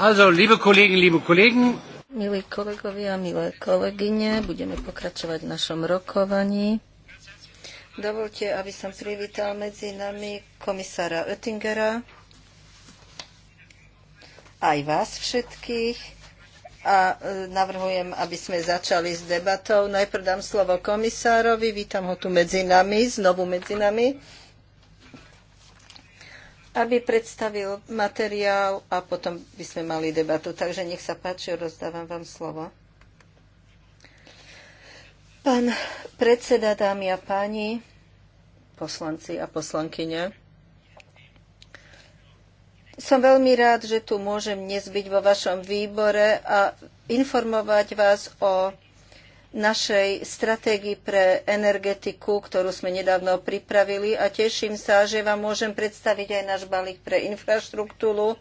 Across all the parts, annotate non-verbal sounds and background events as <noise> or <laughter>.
Milí kolegovia, milé kolegyne, budeme pokračovať v našom rokovaní. Dovolte, aby som privítal medzi nami komisára Oettingera, aj vás všetkých. A e, navrhujem, aby sme začali s debatou. Najprv dám slovo komisárovi. Vítam ho tu medzi nami, znovu medzi nami aby predstavil materiál a potom by sme mali debatu. Takže nech sa páči, rozdávam vám slovo. Pán predseda, dámy a páni, poslanci a poslankyne, som veľmi rád, že tu môžem dnes byť vo vašom výbore a informovať vás o našej stratégii pre energetiku, ktorú sme nedávno pripravili a teším sa, že vám môžem predstaviť aj náš balík pre infraštruktúru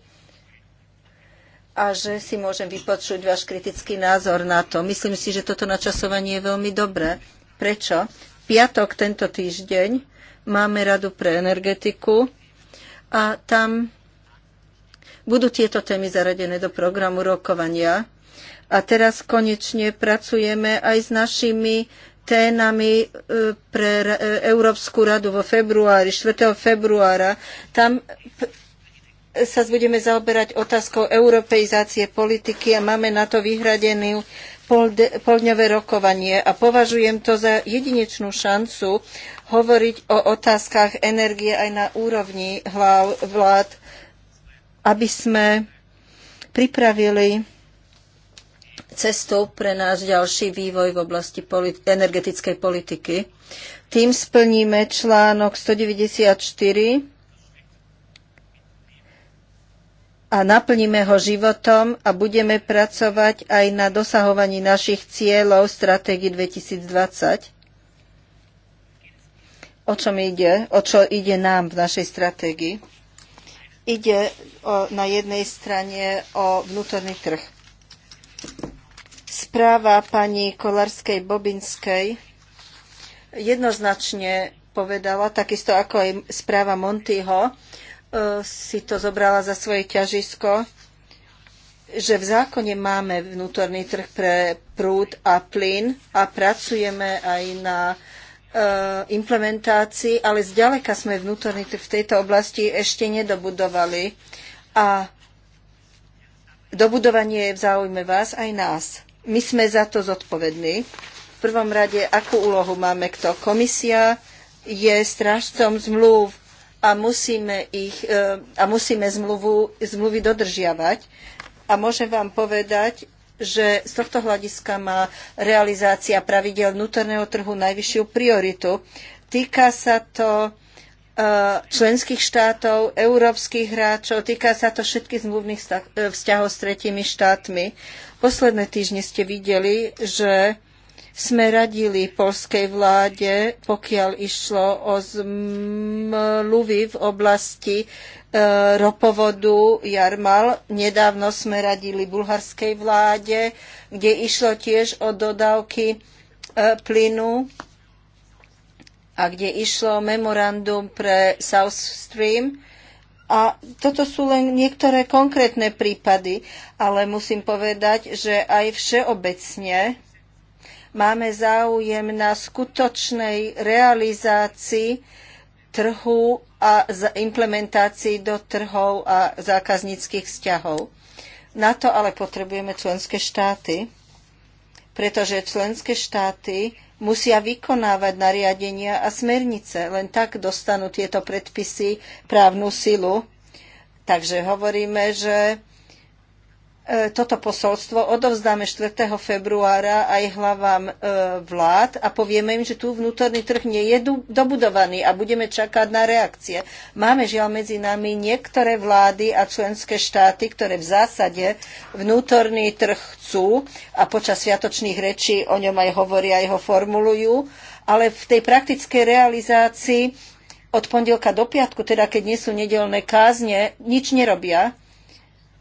a že si môžem vypočuť váš kritický názor na to. Myslím si, že toto načasovanie je veľmi dobré. Prečo? V piatok tento týždeň máme radu pre energetiku a tam budú tieto témy zaradené do programu rokovania a teraz konečne pracujeme aj s našimi ténami e, pre e, Európsku radu vo februári, 4. februára. Tam sa budeme zaoberať otázkou europeizácie politiky a máme na to vyhradené poldňové rokovanie a považujem to za jedinečnú šancu hovoriť o otázkach energie aj na úrovni hlav vlád, aby sme pripravili cestou pre náš ďalší vývoj v oblasti politi- energetickej politiky. Tým splníme článok 194 a naplníme ho životom a budeme pracovať aj na dosahovaní našich cieľov stratégie 2020. O čom ide? O čo ide nám v našej stratégii? Ide o, na jednej strane o vnútorný trh. Správa pani Kolarskej Bobinskej jednoznačne povedala, takisto ako aj správa Montyho, e, si to zobrala za svoje ťažisko, že v zákone máme vnútorný trh pre prúd a plyn a pracujeme aj na e, implementácii, ale zďaleka sme vnútorný trh v tejto oblasti ešte nedobudovali. A dobudovanie je v záujme vás aj nás my sme za to zodpovední. V prvom rade, akú úlohu máme kto? Komisia je strážcom zmluv a musíme, ich, e, a musíme zmluvu, zmluvy dodržiavať. A môžem vám povedať, že z tohto hľadiska má realizácia pravidel vnútorného trhu najvyššiu prioritu. Týka sa to e, členských štátov, európskych hráčov, týka sa to všetkých zmluvných e, vzťahov s tretími štátmi. Posledné týždne ste videli, že sme radili polskej vláde, pokiaľ išlo o zmluvy v oblasti e, ropovodu Jarmal. Nedávno sme radili bulharskej vláde, kde išlo tiež o dodávky e, plynu a kde išlo memorandum pre South Stream. A toto sú len niektoré konkrétne prípady, ale musím povedať, že aj všeobecne máme záujem na skutočnej realizácii trhu a implementácii do trhov a zákazníckých vzťahov. Na to ale potrebujeme členské štáty, pretože členské štáty musia vykonávať nariadenia a smernice. Len tak dostanú tieto predpisy právnu silu. Takže hovoríme, že E, toto posolstvo odovzdáme 4. februára aj hlavám e, vlád a povieme im, že tu vnútorný trh nie je dobudovaný a budeme čakať na reakcie. Máme žiaľ medzi nami niektoré vlády a členské štáty, ktoré v zásade vnútorný trh chcú a počas sviatočných rečí o ňom aj hovoria, aj ho formulujú, ale v tej praktickej realizácii od pondelka do piatku, teda keď nie sú nedelné kázne, nič nerobia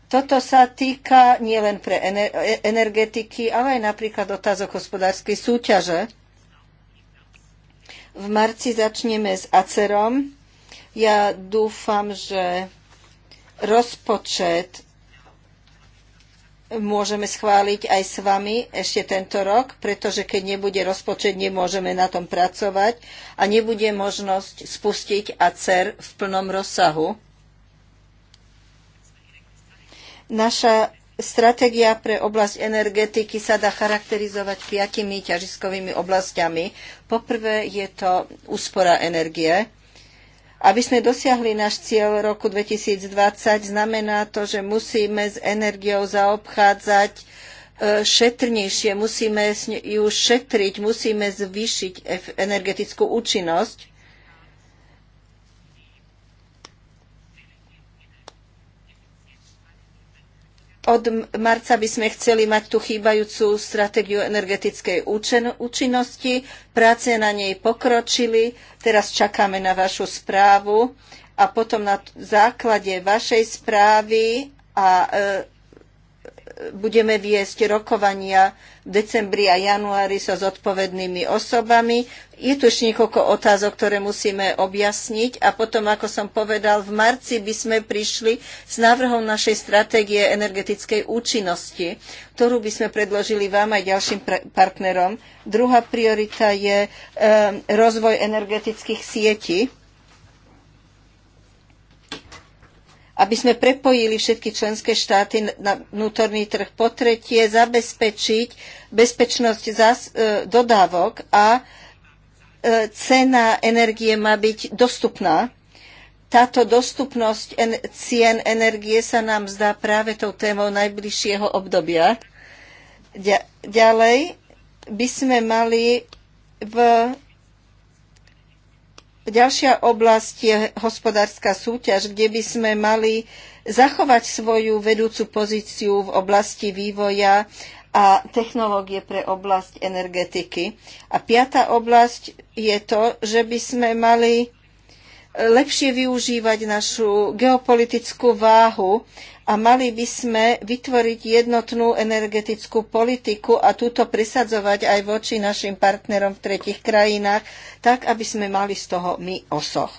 toto sa týka nielen pre e, energetiky, ale aj napríklad otázok hospodárskej súťaže. V marci začneme s ACERom. Ja dúfam, že rozpočet môžeme schváliť aj s vami ešte tento rok, pretože keď nebude rozpočet, nemôžeme na tom pracovať a nebude možnosť spustiť ACER v plnom rozsahu Naša stratégia pre oblasť energetiky sa dá charakterizovať piatimi ťažiskovými oblastiami. Poprvé je to úspora energie. Aby sme dosiahli náš cieľ roku 2020, znamená to, že musíme s energiou zaobchádzať e, šetrnejšie, musíme ju šetriť, musíme zvýšiť energetickú účinnosť. od marca by sme chceli mať tú chýbajúcu stratégiu energetickej účinnosti. Práce na nej pokročili. Teraz čakáme na vašu správu a potom na základe vašej správy a e, budeme viesť rokovania v decembri a januári so zodpovednými osobami. Je tu ešte niekoľko otázok, ktoré musíme objasniť a potom, ako som povedal, v marci by sme prišli s návrhom našej stratégie energetickej účinnosti, ktorú by sme predložili vám aj ďalším partnerom. Druhá priorita je e, rozvoj energetických sietí aby sme prepojili všetky členské štáty na vnútorný trh. Po tretie, zabezpečiť bezpečnosť e, dodávok a e, cena energie má byť dostupná. Táto dostupnosť en- cien energie sa nám zdá práve tou témou najbližšieho obdobia. Ďa- ďalej by sme mali v Ďalšia oblasť je hospodárska súťaž, kde by sme mali zachovať svoju vedúcu pozíciu v oblasti vývoja a technológie pre oblasť energetiky. A piata oblasť je to, že by sme mali lepšie využívať našu geopolitickú váhu a mali by sme vytvoriť jednotnú energetickú politiku a túto prisadzovať aj voči našim partnerom v tretich krajinách, tak aby sme mali z toho my osoch.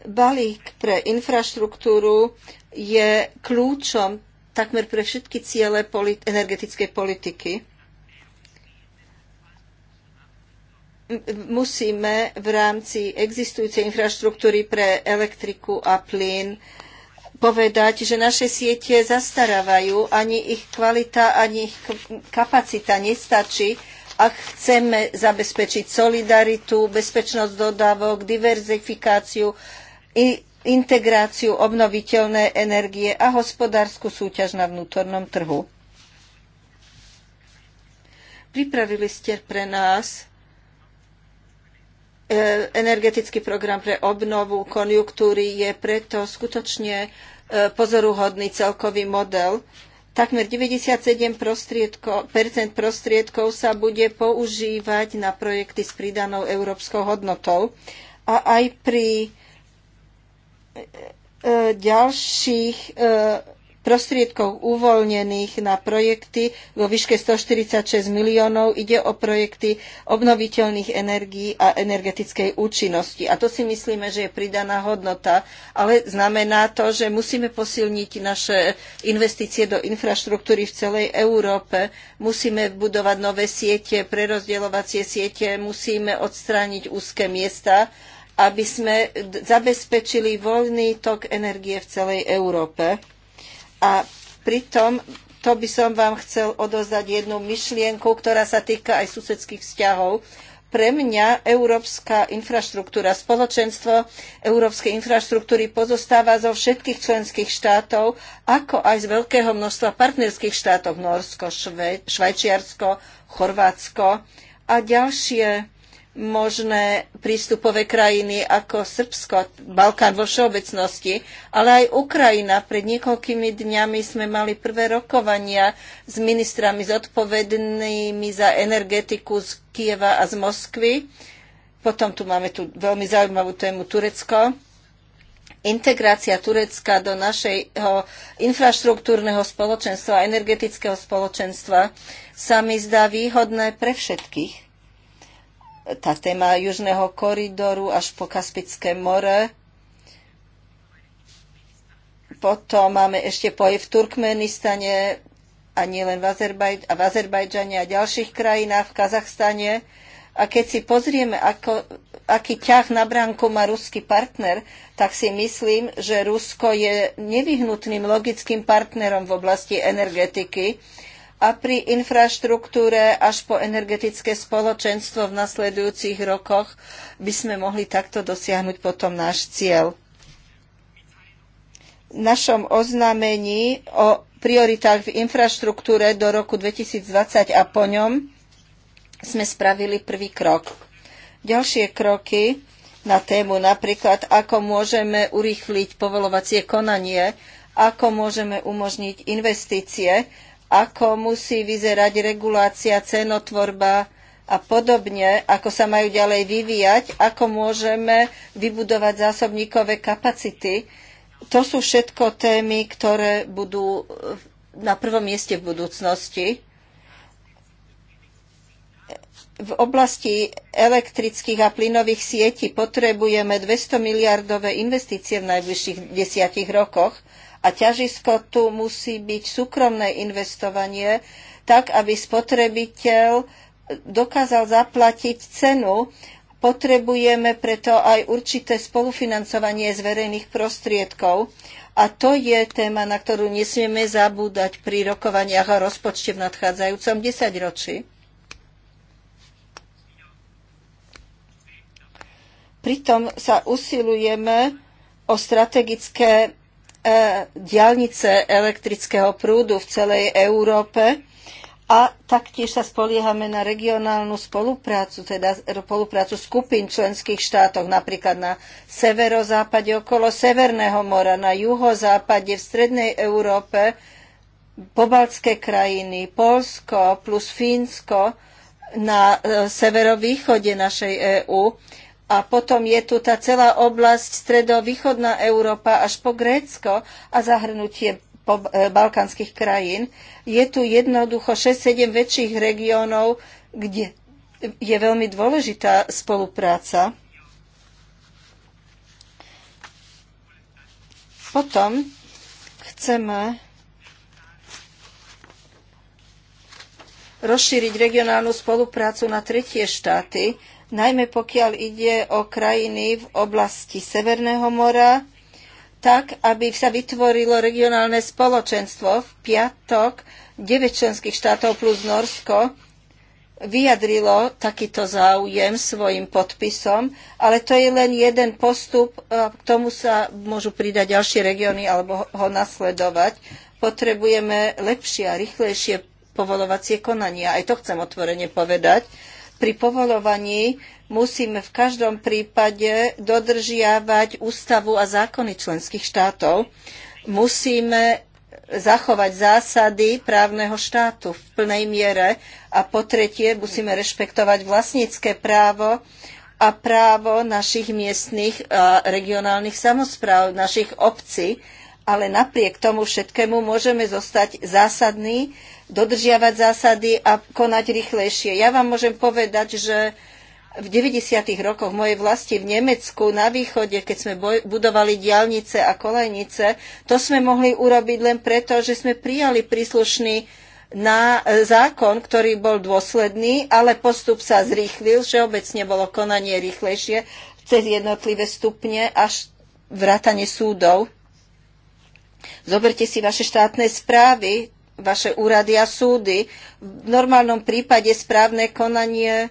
Balík pre infraštruktúru je kľúčom takmer pre všetky ciele energetickej politiky. musíme v rámci existujúcej infraštruktúry pre elektriku a plyn povedať, že naše siete zastarávajú, ani ich kvalita, ani ich kapacita nestačí, ak chceme zabezpečiť solidaritu, bezpečnosť dodávok, diverzifikáciu, integráciu obnoviteľnej energie a hospodárskú súťaž na vnútornom trhu. Pripravili ste pre nás E, energetický program pre obnovu konjunktúry je preto skutočne e, pozoruhodný celkový model. Takmer 97% prostriedko, prostriedkov sa bude používať na projekty s pridanou európskou hodnotou. A aj pri e, ďalších prostriedkov uvoľnených na projekty vo výške 146 miliónov ide o projekty obnoviteľných energií a energetickej účinnosti. A to si myslíme, že je pridaná hodnota, ale znamená to, že musíme posilniť naše investície do infraštruktúry v celej Európe, musíme budovať nové siete, prerozdeľovacie siete, musíme odstrániť úzke miesta, aby sme zabezpečili voľný tok energie v celej Európe. A pritom to by som vám chcel odozdať jednu myšlienku, ktorá sa týka aj susedských vzťahov. Pre mňa európska infraštruktúra, spoločenstvo európskej infraštruktúry pozostáva zo všetkých členských štátov, ako aj z veľkého množstva partnerských štátov Norsko, Švajčiarsko, Chorvátsko a ďalšie možné prístupové krajiny ako Srbsko, Balkán vo všeobecnosti, ale aj Ukrajina. Pred niekoľkými dňami sme mali prvé rokovania s ministrami zodpovednými za energetiku z Kieva a z Moskvy. Potom tu máme tu veľmi zaujímavú tému Turecko. Integrácia Turecka do našeho infraštruktúrneho spoločenstva, energetického spoločenstva sa mi zdá výhodné pre všetkých tá téma Južného koridoru až po Kaspické more. Potom máme ešte poje v Turkmenistane a nielen v, Azerbaj- a v Azerbajdžane a ďalších krajinách, v Kazachstane. A keď si pozrieme, ako, aký ťah na bránku má ruský partner, tak si myslím, že Rusko je nevyhnutným logickým partnerom v oblasti energetiky a pri infraštruktúre až po energetické spoločenstvo v nasledujúcich rokoch by sme mohli takto dosiahnuť potom náš cieľ. V našom oznámení o prioritách v infraštruktúre do roku 2020 a po ňom sme spravili prvý krok. Ďalšie kroky na tému napríklad, ako môžeme urýchliť povolovacie konanie, ako môžeme umožniť investície, ako musí vyzerať regulácia, cenotvorba a podobne, ako sa majú ďalej vyvíjať, ako môžeme vybudovať zásobníkové kapacity. To sú všetko témy, ktoré budú na prvom mieste v budúcnosti. V oblasti elektrických a plynových sietí potrebujeme 200 miliardové investície v najbližších desiatich rokoch a ťažisko tu musí byť súkromné investovanie, tak aby spotrebiteľ dokázal zaplatiť cenu. Potrebujeme preto aj určité spolufinancovanie z verejných prostriedkov. A to je téma, na ktorú nesmieme zabúdať pri rokovaniach o rozpočte v nadchádzajúcom desaťročí. Pritom sa usilujeme o strategické E, diálnice elektrického prúdu v celej Európe a taktiež sa spoliehame na regionálnu spoluprácu, teda spoluprácu skupín členských štátov, napríklad na severozápade okolo Severného mora, na juhozápade, v strednej Európe, pobaltské krajiny, Polsko plus Fínsko na e, severovýchode našej EÚ. A potom je tu tá celá oblasť stredovýchodná Európa až po Grécko a zahrnutie po e, balkánskych krajín. Je tu jednoducho 6-7 väčších regiónov, kde je veľmi dôležitá spolupráca. Potom chceme rozšíriť regionálnu spoluprácu na tretie štáty, najmä pokiaľ ide o krajiny v oblasti Severného mora, tak, aby sa vytvorilo regionálne spoločenstvo. V piatok 9 členských štátov plus Norsko vyjadrilo takýto záujem svojim podpisom, ale to je len jeden postup, k tomu sa môžu pridať ďalšie regióny alebo ho nasledovať. Potrebujeme lepšie a rýchlejšie povolovacie konania. Aj to chcem otvorene povedať pri povolovaní musíme v každom prípade dodržiavať ústavu a zákony členských štátov. Musíme zachovať zásady právneho štátu v plnej miere a po tretie musíme rešpektovať vlastnícke právo a právo našich miestnych a regionálnych samozpráv, našich obcí, ale napriek tomu všetkému môžeme zostať zásadní dodržiavať zásady a konať rýchlejšie. Ja vám môžem povedať, že v 90. rokoch mojej vlasti v Nemecku na východe, keď sme budovali diálnice a kolejnice, to sme mohli urobiť len preto, že sme prijali príslušný na e, zákon, ktorý bol dôsledný, ale postup sa zrýchlil, že obecne bolo konanie rýchlejšie cez jednotlivé stupne až vrátanie súdov. Zoberte si vaše štátne správy, vaše úrady a súdy. V normálnom prípade správne konanie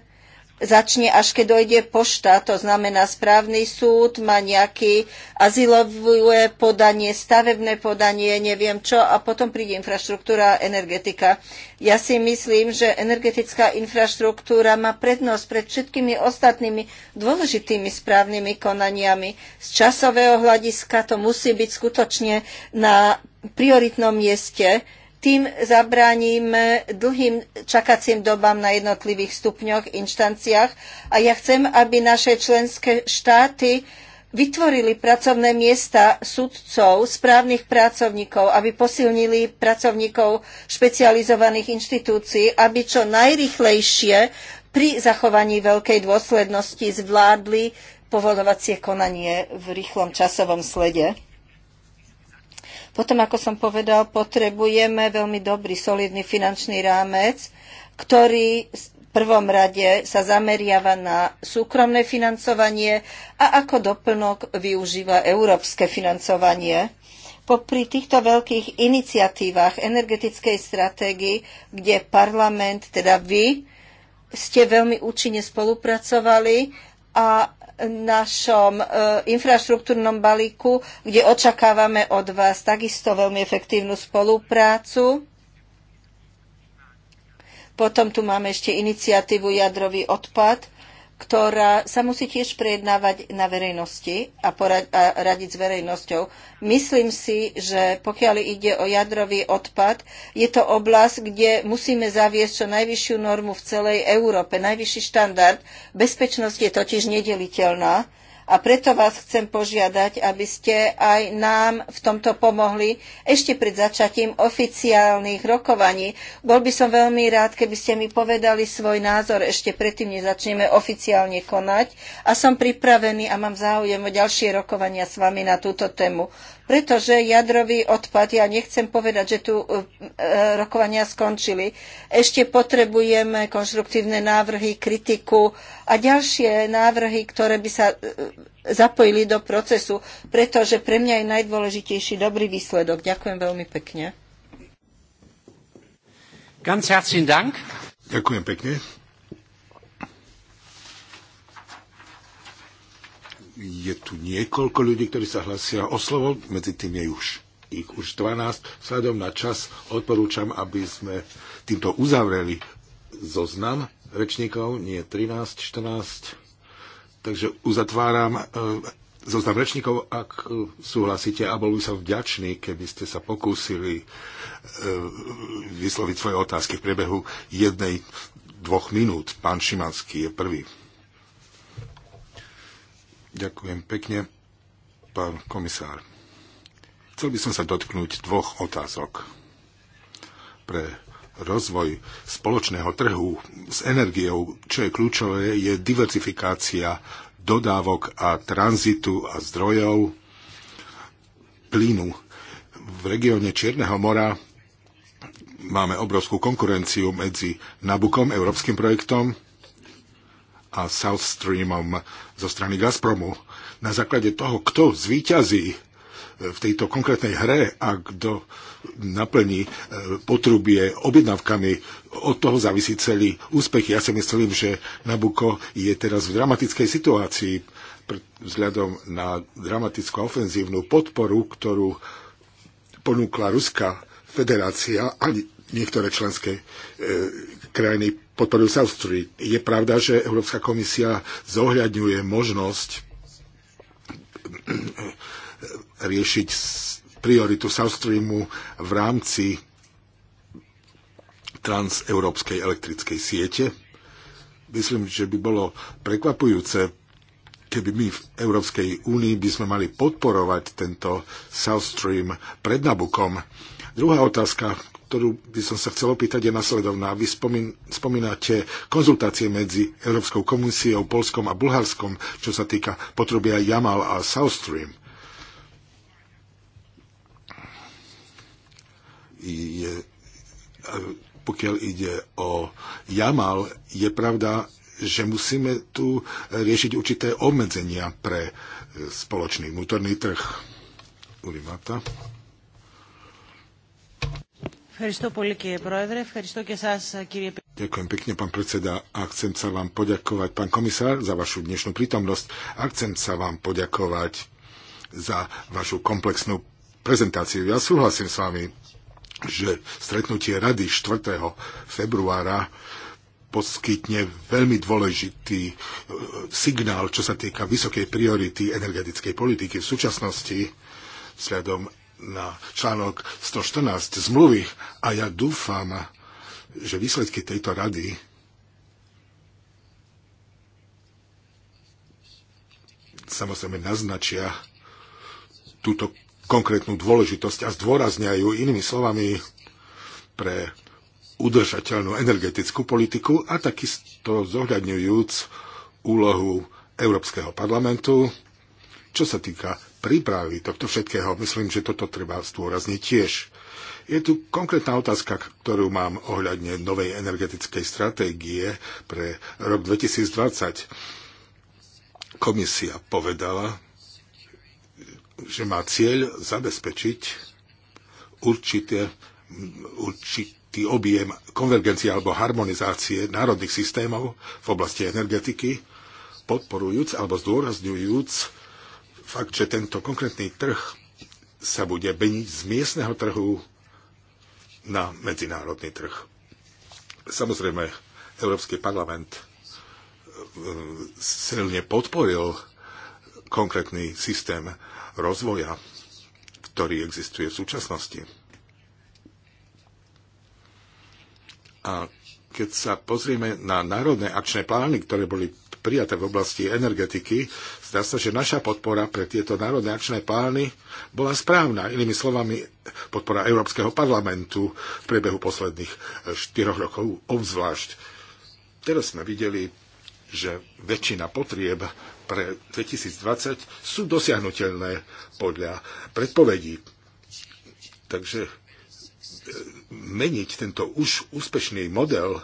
začne až keď dojde pošta, to znamená správny súd, má nejaké azylové podanie, stavebné podanie, neviem čo, a potom príde infraštruktúra a energetika. Ja si myslím, že energetická infraštruktúra má prednosť pred všetkými ostatnými dôležitými správnymi konaniami. Z časového hľadiska to musí byť skutočne na prioritnom mieste, tým zabránime dlhým čakacím dobám na jednotlivých stupňoch, inštanciách a ja chcem, aby naše členské štáty vytvorili pracovné miesta sudcov, správnych pracovníkov, aby posilnili pracovníkov špecializovaných inštitúcií, aby čo najrychlejšie pri zachovaní veľkej dôslednosti zvládli povolovacie konanie v rýchlom časovom slede. Potom, ako som povedal, potrebujeme veľmi dobrý, solidný finančný rámec, ktorý v prvom rade sa zameriava na súkromné financovanie a ako doplnok využíva európske financovanie. Popri týchto veľkých iniciatívach energetickej stratégii, kde parlament, teda vy, ste veľmi účinne spolupracovali a našom e, infraštruktúrnom balíku, kde očakávame od vás takisto veľmi efektívnu spoluprácu. Potom tu máme ešte iniciatívu Jadrový odpad, ktorá sa musí tiež prejednávať na verejnosti a, porad- a radiť s verejnosťou. Myslím si, že pokiaľ ide o jadrový odpad, je to oblasť, kde musíme zaviesť čo najvyššiu normu v celej Európe, najvyšší štandard. Bezpečnosť je totiž nedeliteľná a preto vás chcem požiadať, aby ste aj nám v tomto pomohli ešte pred začatím oficiálnych rokovaní. Bol by som veľmi rád, keby ste mi povedali svoj názor ešte predtým, než začneme oficiálne konať. A som pripravený a mám záujem o ďalšie rokovania s vami na túto tému pretože jadrový odpad, ja nechcem povedať, že tu e, rokovania skončili. Ešte potrebujeme konštruktívne návrhy, kritiku a ďalšie návrhy, ktoré by sa e, zapojili do procesu, pretože pre mňa je najdôležitejší dobrý výsledok. Ďakujem veľmi pekne. Ganz herzlichen Dank. Ďakujem pekne. je tu niekoľko ľudí, ktorí sa hlasia o slovo, medzi tým je už ich už 12. Sledom na čas odporúčam, aby sme týmto uzavreli zoznam rečníkov, nie 13, 14. Takže uzatváram e, zoznam rečníkov, ak súhlasíte a bol by som vďačný, keby ste sa pokúsili e, vysloviť svoje otázky v priebehu jednej, dvoch minút. Pán Šimanský je prvý. Ďakujem pekne, pán komisár. Chcel by som sa dotknúť dvoch otázok. Pre rozvoj spoločného trhu s energiou, čo je kľúčové, je diversifikácia dodávok a tranzitu a zdrojov plynu. V regióne Čierneho mora máme obrovskú konkurenciu medzi Nabukom, európskym projektom, a South Streamom zo strany Gazpromu. Na základe toho, kto zvíťazí e, v tejto konkrétnej hre a kto naplní e, potrubie objednávkami, od toho závisí celý úspech. Ja si myslím, že Nabuko je teraz v dramatickej situácii vzhľadom na dramatickú ofenzívnu podporu, ktorú ponúkla ruská federácia a niektoré členské e, krajiny podporujú South Street. Je pravda, že Európska komisia zohľadňuje možnosť e, e, riešiť prioritu South Streamu v rámci transeurópskej elektrickej siete. Myslím, že by bolo prekvapujúce, keby my v Európskej únii by sme mali podporovať tento South Stream pred Nabukom Druhá otázka, ktorú by som sa chcel opýtať, je nasledovná. Vy spomín, spomínate konzultácie medzi Európskou komisiou, Polskom a Bulharskom, čo sa týka potrubia Jamal a South Stream. Je, pokiaľ ide o Jamal, je pravda, že musíme tu riešiť určité obmedzenia pre e, spoločný vnútorný trh. Urimata. Ďakujem pekne, pán predseda, a chcem sa vám poďakovať, pán komisár, za vašu dnešnú prítomnosť a chcem sa vám poďakovať za vašu komplexnú prezentáciu. Ja súhlasím s vami, že stretnutie rady 4. februára poskytne veľmi dôležitý e, signál, čo sa týka vysokej priority energetickej politiky v súčasnosti vzhľadom na článok 114 zmluvy a ja dúfam, že výsledky tejto rady samozrejme naznačia túto konkrétnu dôležitosť a zdôrazňajú inými slovami pre udržateľnú energetickú politiku a takisto zohľadňujúc úlohu Európskeho parlamentu, čo sa týka prípravy tohto všetkého, myslím, že toto treba zdôrazniť tiež. Je tu konkrétna otázka, ktorú mám ohľadne novej energetickej stratégie pre rok 2020. Komisia povedala, že má cieľ zabezpečiť určité, určitý objem konvergencie alebo harmonizácie národných systémov v oblasti energetiky, podporujúc alebo zdôrazňujúc fakt, že tento konkrétny trh sa bude meniť z miestneho trhu na medzinárodný trh. Samozrejme, Európsky parlament e, silne podporil konkrétny systém rozvoja, ktorý existuje v súčasnosti. A keď sa pozrieme na národné akčné plány, ktoré boli prijaté v oblasti energetiky, Zdá sa, že naša podpora pre tieto národné akčné plány bola správna, inými slovami podpora Európskeho parlamentu v priebehu posledných eh, štyroch rokov obzvlášť. Teraz sme videli, že väčšina potrieb pre 2020 sú dosiahnutelné podľa predpovedí. Takže eh, meniť tento už úspešný model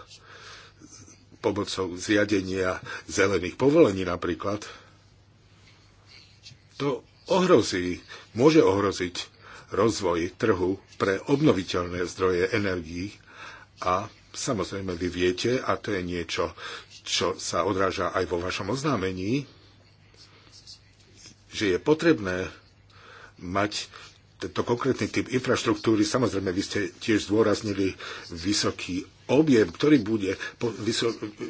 pomocou zriadenia zelených povolení napríklad, to ohrozí, môže ohroziť rozvoj trhu pre obnoviteľné zdroje energií a samozrejme vy viete, a to je niečo, čo sa odráža aj vo vašom oznámení, že je potrebné mať tento konkrétny typ infraštruktúry. Samozrejme, vy ste tiež zdôraznili vysoký objem, ktorý bude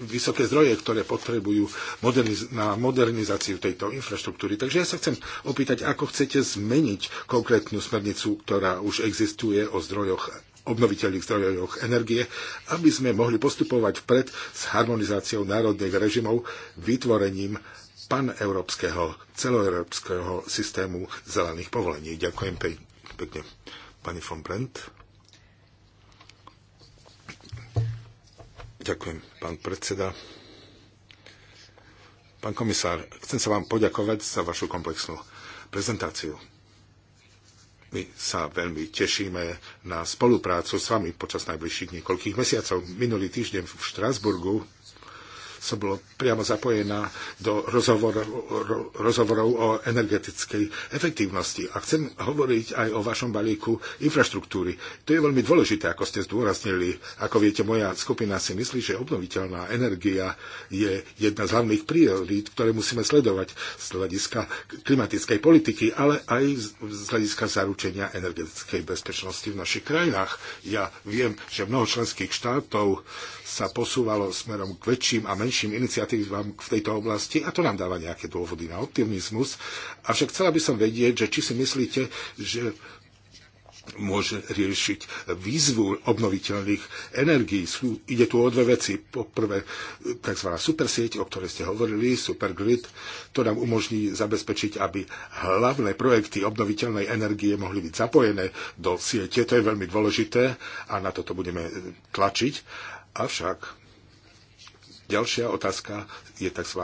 vysoké zdroje, ktoré potrebujú moderniz- na modernizáciu tejto infraštruktúry. Takže ja sa chcem opýtať, ako chcete zmeniť konkrétnu smernicu, ktorá už existuje o zdrojoch obnoviteľných zdrojoch energie, aby sme mohli postupovať vpred s harmonizáciou národných režimov, vytvorením paneurópskeho, celoeurópskeho systému zelených povolení. Ďakujem pekne, pani von Brent. Ďakujem, pán predseda. Pán komisár, chcem sa vám poďakovať za vašu komplexnú prezentáciu. My sa veľmi tešíme na spoluprácu s vami počas najbližších niekoľkých mesiacov. Minulý týždeň v Štrásburgu som bol priamo zapojená do rozhovorov, rozhovorov o energetickej efektívnosti. A chcem hovoriť aj o vašom balíku infraštruktúry. To je veľmi dôležité, ako ste zdôraznili. Ako viete, moja skupina si myslí, že obnoviteľná energia je jedna z hlavných priorít, ktoré musíme sledovať z hľadiska klimatickej politiky, ale aj z hľadiska zaručenia energetickej bezpečnosti v našich krajinách. Ja viem, že mnoho členských štátov sa posúvalo smerom k väčším a menším iniciatívam v tejto oblasti a to nám dáva nejaké dôvody na optimizmus. Avšak chcela by som vedieť, že či si myslíte, že môže riešiť výzvu obnoviteľných energií. Sú, ide tu o dve veci. Po prvé, tzv. supersieť, o ktorej ste hovorili, supergrid, to nám umožní zabezpečiť, aby hlavné projekty obnoviteľnej energie mohli byť zapojené do siete. To je veľmi dôležité a na toto budeme tlačiť. Avšak Ďalšia otázka je tzv.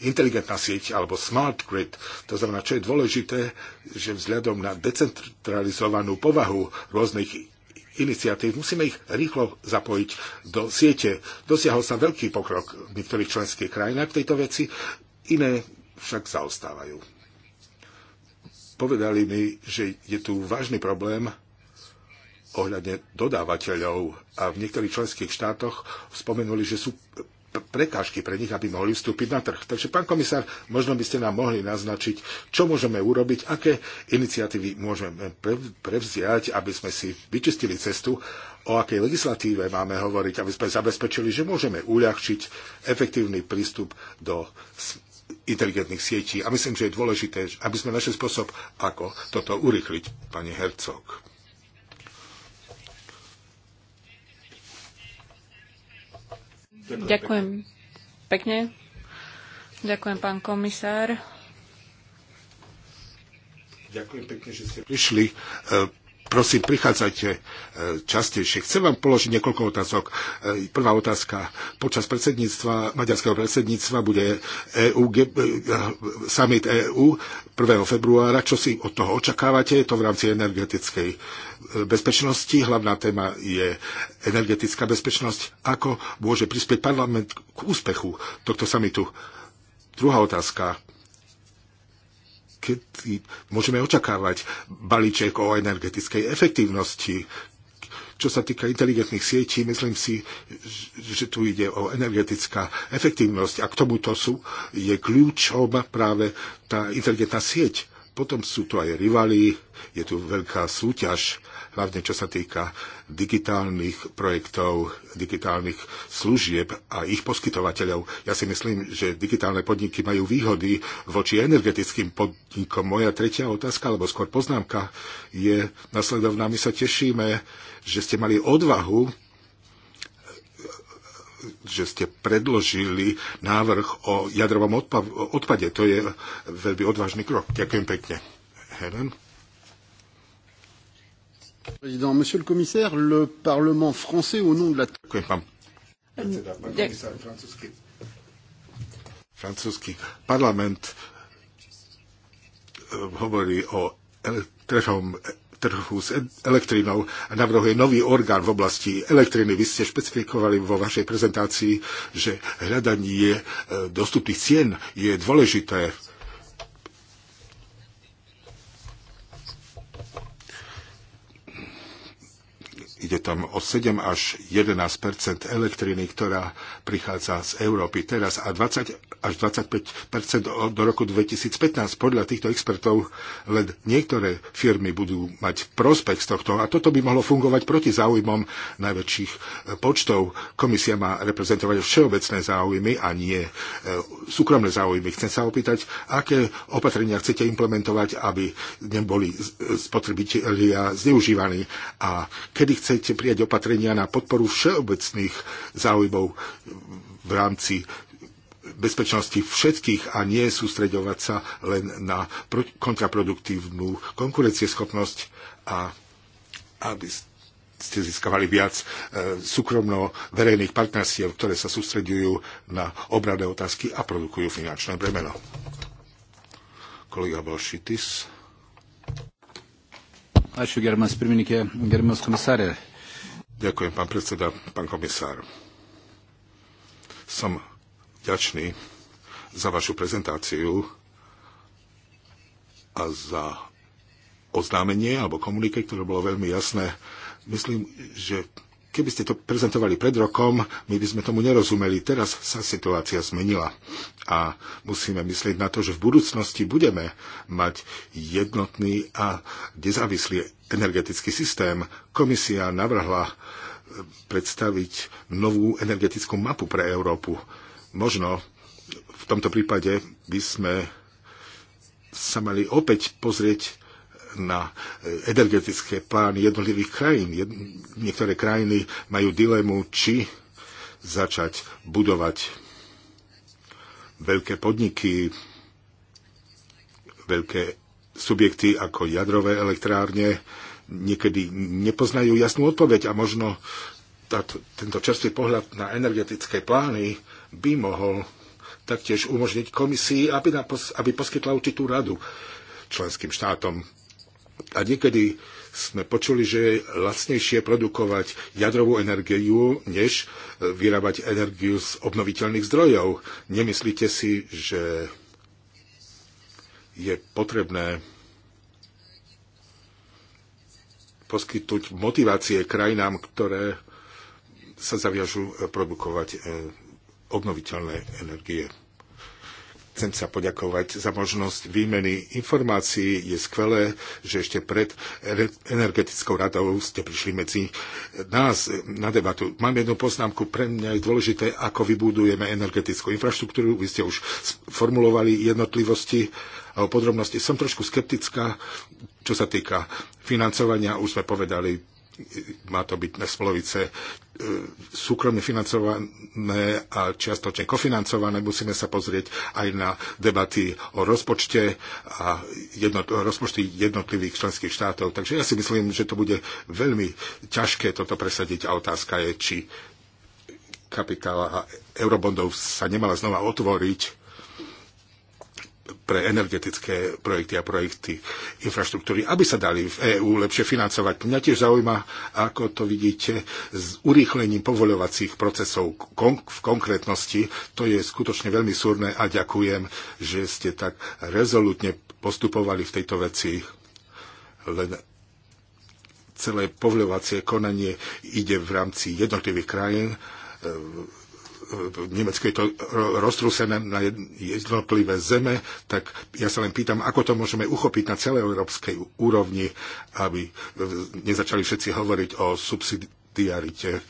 inteligentná sieť alebo smart grid. To znamená, čo je dôležité, že vzhľadom na decentralizovanú povahu rôznych iniciatív musíme ich rýchlo zapojiť do siete. Dosiahol sa veľký pokrok v niektorých členských krajinách v tejto veci, iné však zaostávajú. Povedali mi, že je tu vážny problém ohľadne dodávateľov a v niektorých členských štátoch spomenuli, že sú prekážky pre nich, aby mohli vstúpiť na trh. Takže, pán komisár, možno by ste nám mohli naznačiť, čo môžeme urobiť, aké iniciatívy môžeme prevziať, aby sme si vyčistili cestu, o akej legislatíve máme hovoriť, aby sme zabezpečili, že môžeme uľahčiť efektívny prístup do inteligentných sietí. A myslím, že je dôležité, aby sme našli spôsob, ako toto urychliť, pani Hercog. Ďakujem, Ďakujem pekne. Ďakujem, pán komisár. Ďakujem pekne, že ste prišli. E, Prosím, prichádzajte e, častejšie. Chcem vám položiť niekoľko otázok. E, prvá otázka. Počas predsedníctva, maďarského predsedníctva bude EU, e, summit EU 1. februára. Čo si od toho očakávate? Je to v rámci energetickej bezpečnosti. Hlavná téma je energetická bezpečnosť. Ako môže prispieť parlament k úspechu tohto samitu? Druhá otázka kedy môžeme očakávať balíček o energetickej efektívnosti. Čo sa týka inteligentných sietí, myslím si, že tu ide o energetická efektívnosť a k tomuto sú, je kľúčom práve tá inteligentná sieť. Potom sú tu aj rivali, je tu veľká súťaž hlavne čo sa týka digitálnych projektov, digitálnych služieb a ich poskytovateľov. Ja si myslím, že digitálne podniky majú výhody voči energetickým podnikom. Moja tretia otázka, alebo skôr poznámka, je nasledovná. My sa tešíme, že ste mali odvahu že ste predložili návrh o jadrovom odpade. To je veľmi odvážny krok. Ďakujem pekne. Helen? Monsieur le commissaire, le Parlement français au nom de la... Ďakujem, pán Francúzsky parlament eh, hovorí o trhom trhu s e-, elektrínou a navrhuje nový orgán v oblasti elektriny. Vy ste špecifikovali vo vašej prezentácii, že hľadanie eh, dostupných cien je dôležité Ide tam o 7 až 11 elektriny, ktorá prichádza z Európy teraz a 20 až 25 do roku 2015. Podľa týchto expertov len niektoré firmy budú mať prospekt z tohto a toto by mohlo fungovať proti záujmom najväčších počtov. Komisia má reprezentovať všeobecné záujmy a nie e, súkromné záujmy. Chcem sa opýtať, aké opatrenia chcete implementovať, aby neboli spotrebitelia zneužívaní a kedy chcete chcete prijať opatrenia na podporu všeobecných záujmov v rámci bezpečnosti všetkých a nie sústreďovať sa len na kontraproduktívnu konkurencieschopnosť a aby ste získavali viac e, súkromno-verejných partnerstiev, ktoré sa sústredujú na obradné otázky a produkujú finančné bremeno. Kolega Bolšitis. Ačiū, gerbiamas pirmininkė, gerbiamas komisarė. predseda, komisár. Som ďačný za vašu prezentáciu a za oznámenie alebo komunike, ktoré bolo veľmi jasné. Myslím, že Keby ste to prezentovali pred rokom, my by sme tomu nerozumeli. Teraz sa situácia zmenila a musíme myslieť na to, že v budúcnosti budeme mať jednotný a nezávislý energetický systém. Komisia navrhla e, predstaviť novú energetickú mapu pre Európu. Možno v tomto prípade by sme sa mali opäť pozrieť na e, energetické plány jednotlivých krajín. Jed, niektoré krajiny majú dilemu, či začať budovať veľké podniky, veľké subjekty ako jadrové elektrárne niekedy nepoznajú jasnú odpoveď a možno táto, tento čerstvý pohľad na energetické plány by mohol taktiež umožniť komisii, aby, na, aby poskytla určitú radu členským štátom a niekedy sme počuli, že je lacnejšie produkovať jadrovú energiu, než e, vyrábať energiu z obnoviteľných zdrojov. Nemyslíte si, že je potrebné poskytnúť motivácie krajinám, ktoré sa zaviažú e, produkovať e, obnoviteľné energie? Chcem sa poďakovať za možnosť výmeny informácií. Je skvelé, že ešte pred energetickou radou ste prišli medzi nás na debatu. Mám jednu poznámku. Pre mňa je dôležité, ako vybudujeme energetickú infraštruktúru. Vy ste už formulovali jednotlivosti a o podrobnosti. Som trošku skeptická, čo sa týka financovania. Už sme povedali, má to byť na spolovice súkromne financované a čiastočne kofinancované. Musíme sa pozrieť aj na debaty o rozpočte a jednot, rozpočty jednotlivých členských štátov. Takže ja si myslím, že to bude veľmi ťažké toto presadiť a otázka je, či kapitál a eurobondov sa nemala znova otvoriť pre energetické projekty a projekty infraštruktúry, aby sa dali v EÚ lepšie financovať. Mňa tiež zaujíma, ako to vidíte s urýchlením povoľovacích procesov v konkrétnosti. To je skutočne veľmi súrne a ďakujem, že ste tak rezolutne postupovali v tejto veci. Len celé povoľovacie konanie ide v rámci jednotlivých krajín e, v Nemecku je to roztrúsené na jednotlivé zeme, tak ja sa len pýtam, ako to môžeme uchopiť na celej európskej úrovni, aby nezačali všetci hovoriť o subsidiarite,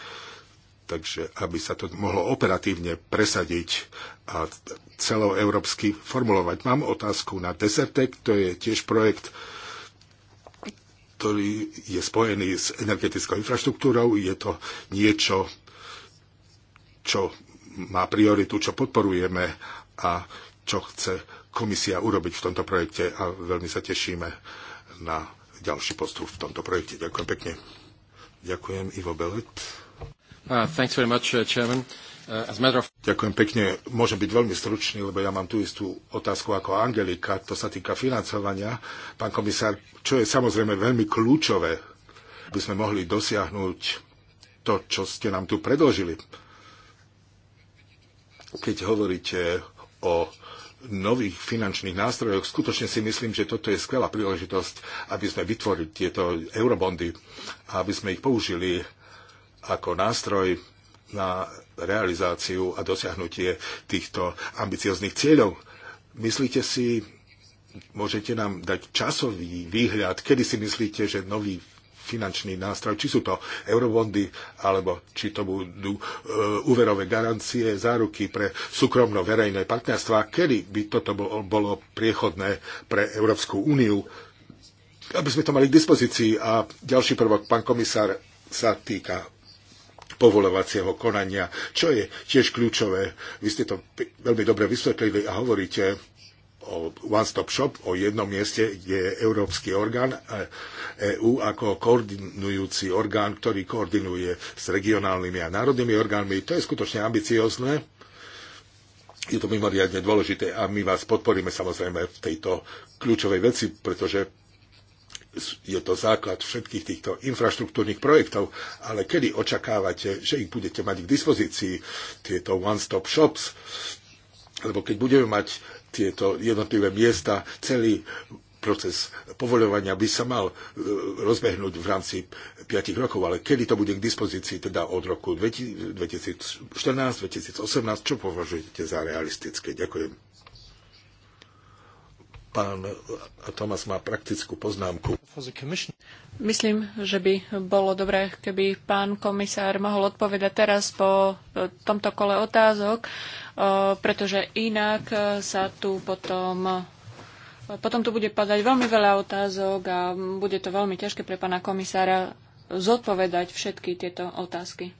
takže aby sa to mohlo operatívne presadiť a celoeurópsky formulovať. Mám otázku na Desertec, to je tiež projekt, ktorý je spojený s energetickou infraštruktúrou. Je to niečo, čo má prioritu, čo podporujeme a čo chce komisia urobiť v tomto projekte a veľmi sa tešíme na ďalší postup v tomto projekte. Ďakujem pekne. Ďakujem, Ivo Belet. Uh, very much, uh, Chairman. Uh, Ďakujem pekne. Môžem byť veľmi stručný, lebo ja mám tú istú otázku ako Angelika. To sa týka financovania. Pán komisár, čo je samozrejme veľmi kľúčové, aby sme mohli dosiahnuť to, čo ste nám tu predložili keď hovoríte o nových finančných nástrojoch, skutočne si myslím, že toto je skvelá príležitosť, aby sme vytvorili tieto eurobondy a aby sme ich použili ako nástroj na realizáciu a dosiahnutie týchto ambicioznych cieľov. Myslíte si, môžete nám dať časový výhľad, kedy si myslíte, že nový finančný nástroj, či sú to eurobondy, alebo či to budú e, úverové garancie, záruky pre súkromno-verejné partnerstva, kedy by toto bolo priechodné pre Európsku úniu, aby sme to mali k dispozícii. A ďalší prvok, pán komisár, sa týka povolovacieho konania, čo je tiež kľúčové. Vy ste to veľmi dobre vysvetlili a hovoríte o One Stop Shop, o jednom mieste, kde je európsky orgán EU e ako koordinujúci orgán, ktorý koordinuje s regionálnymi a národnými orgánmi. To je skutočne ambiciozne. Je to mimoriadne dôležité a my vás podporíme samozrejme v tejto kľúčovej veci, pretože je to základ všetkých týchto infraštruktúrnych projektov, ale kedy očakávate, že ich budete mať k dispozícii, tieto one-stop shops, lebo keď budeme mať tieto jednotlivé miesta, celý proces povoľovania by sa mal e, rozbehnúť v rámci 5 rokov, ale kedy to bude k dispozícii, teda od roku 2014-2018, čo považujete za realistické? Ďakujem. Pán Tomas má praktickú poznámku. Myslím, že by bolo dobré, keby pán komisár mohol odpovedať teraz po tomto kole otázok pretože inak e, sa tu potom e, potom tu bude padať veľmi veľa otázok a bude to veľmi ťažké pre pána komisára zodpovedať všetky tieto otázky.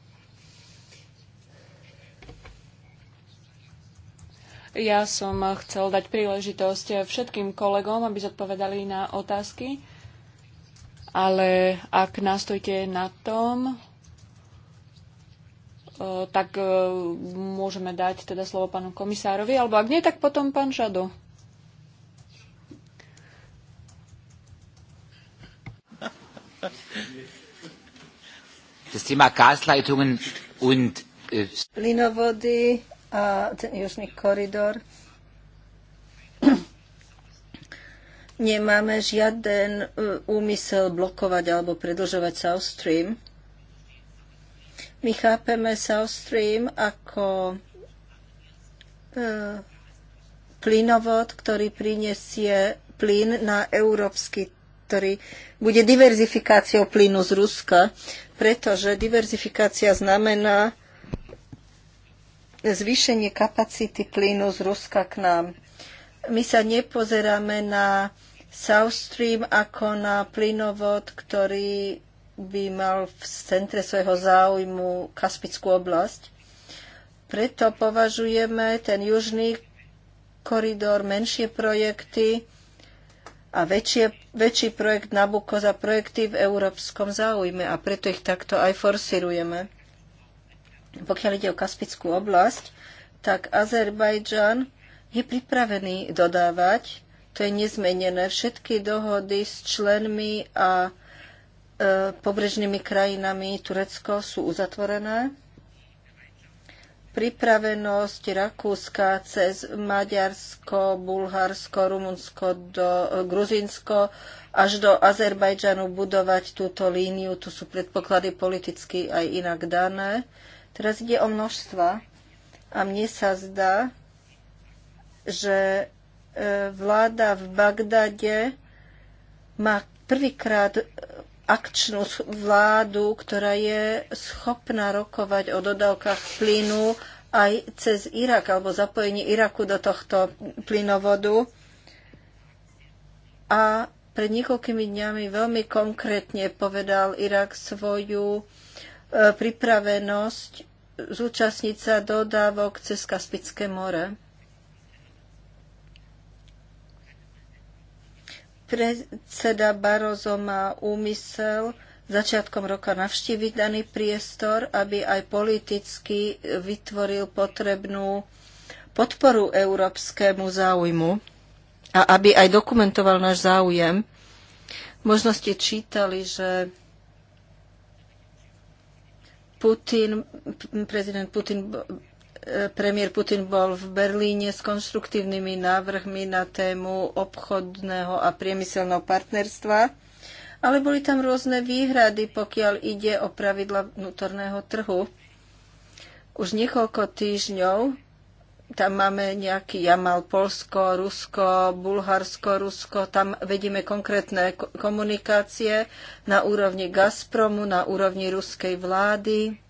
Ja som chcel dať príležitosť všetkým kolegom, aby zodpovedali na otázky, ale ak nastojte na tom, E, tak e, môžeme dať teda slovo pánu komisárovi, alebo ak nie, tak potom pán Žado. Das Thema Gasleitungen und äh, Plynovody a ten južný koridor. Nemáme žiaden e, úmysel blokovať alebo predlžovať South Stream my chápeme South Stream ako e, plynovod, ktorý prinesie plyn na európsky, ktorý bude diverzifikáciou plynu z Ruska, pretože diverzifikácia znamená zvýšenie kapacity plynu z Ruska k nám. My sa nepozeráme na South Stream ako na plynovod, ktorý by mal v centre svojho záujmu Kaspickú oblasť. Preto považujeme ten južný koridor, menšie projekty a väčšie, väčší projekt Nabuko za projekty v európskom záujme a preto ich takto aj forsirujeme. Pokiaľ ide o Kaspickú oblasť, tak Azerbajdžan je pripravený dodávať, to je nezmenené, všetky dohody s členmi a E, pobrežnými krajinami Turecko sú uzatvorené. Pripravenosť Rakúska cez Maďarsko, Bulharsko, Rumunsko, do e, Gruzinsko až do Azerbajdžanu budovať túto líniu. Tu sú predpoklady politicky aj inak dané. Teraz ide o množstva a mne sa zdá, že e, vláda v Bagdade má prvýkrát akčnú vládu, ktorá je schopná rokovať o dodávkach plynu aj cez Irak alebo zapojenie Iraku do tohto plynovodu. A pred niekoľkými dňami veľmi konkrétne povedal Irak svoju e, pripravenosť zúčastniť sa dodávok cez Kaspické more. Predseda Barozo má úmysel začiatkom roka navštíviť daný priestor, aby aj politicky vytvoril potrebnú podporu európskemu záujmu a aby aj dokumentoval náš záujem. Možno ste čítali, že Putin, prezident Putin premiér Putin bol v Berlíne s konstruktívnymi návrhmi na tému obchodného a priemyselného partnerstva, ale boli tam rôzne výhrady, pokiaľ ide o pravidla vnútorného trhu. Už niekoľko týždňov tam máme nejaký Jamal, Polsko, Rusko, Bulharsko, Rusko, tam vedíme konkrétne komunikácie na úrovni Gazpromu, na úrovni ruskej vlády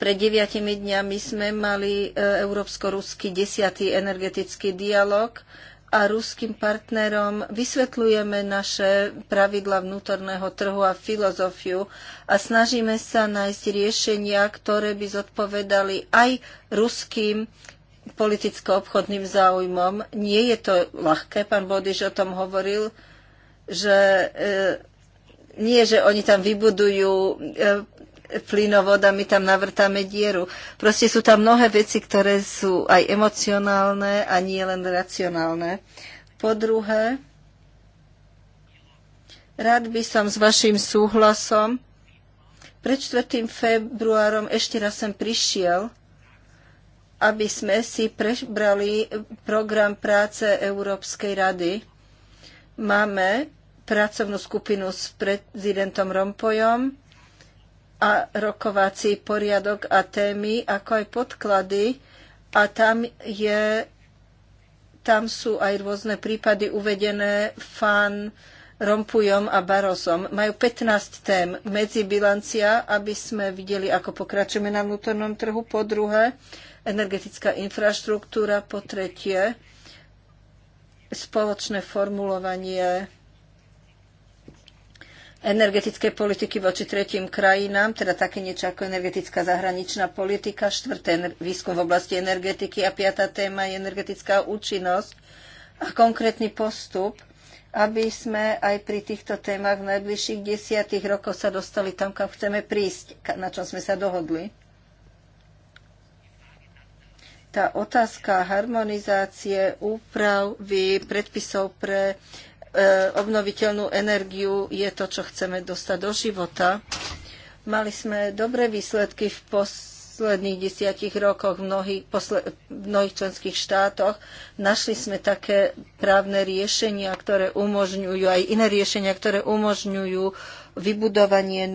pred deviatimi dňami sme mali e, európsko-ruský desiatý energetický dialog a ruským partnerom vysvetľujeme naše pravidla vnútorného trhu a filozofiu a snažíme sa nájsť riešenia, ktoré by zodpovedali aj ruským politicko-obchodným záujmom. Nie je to ľahké, pán Bodiš o tom hovoril, že e, nie, že oni tam vybudujú e, plynovod a my tam navrtáme dieru. Proste sú tam mnohé veci, ktoré sú aj emocionálne a nie len racionálne. Po druhé, rád by som s vašim súhlasom pred 4. februárom ešte raz sem prišiel, aby sme si prebrali program práce Európskej rady. Máme pracovnú skupinu s prezidentom Rompojom, a rokovací poriadok a témy, ako aj podklady. A tam, je, tam sú aj rôzne prípady uvedené fan Rompujom a Barosom. Majú 15 tém medzibilancia, aby sme videli, ako pokračujeme na vnútornom trhu. Po druhé, energetická infraštruktúra. Po tretie, spoločné formulovanie energetické politiky voči tretím krajinám, teda také niečo ako energetická zahraničná politika, štvrté výskum v oblasti energetiky a piatá téma je energetická účinnosť a konkrétny postup, aby sme aj pri týchto témach v najbližších desiatich rokoch sa dostali tam, kam chceme prísť, na čom sme sa dohodli. Tá otázka harmonizácie úpravy predpisov pre E, obnoviteľnú energiu je to, čo chceme dostať do života. Mali sme dobré výsledky v posledných desiatich rokoch v mnohých, posle, v mnohých členských štátoch. Našli sme také právne riešenia, ktoré umožňujú, aj iné riešenia, ktoré umožňujú vybudovanie e,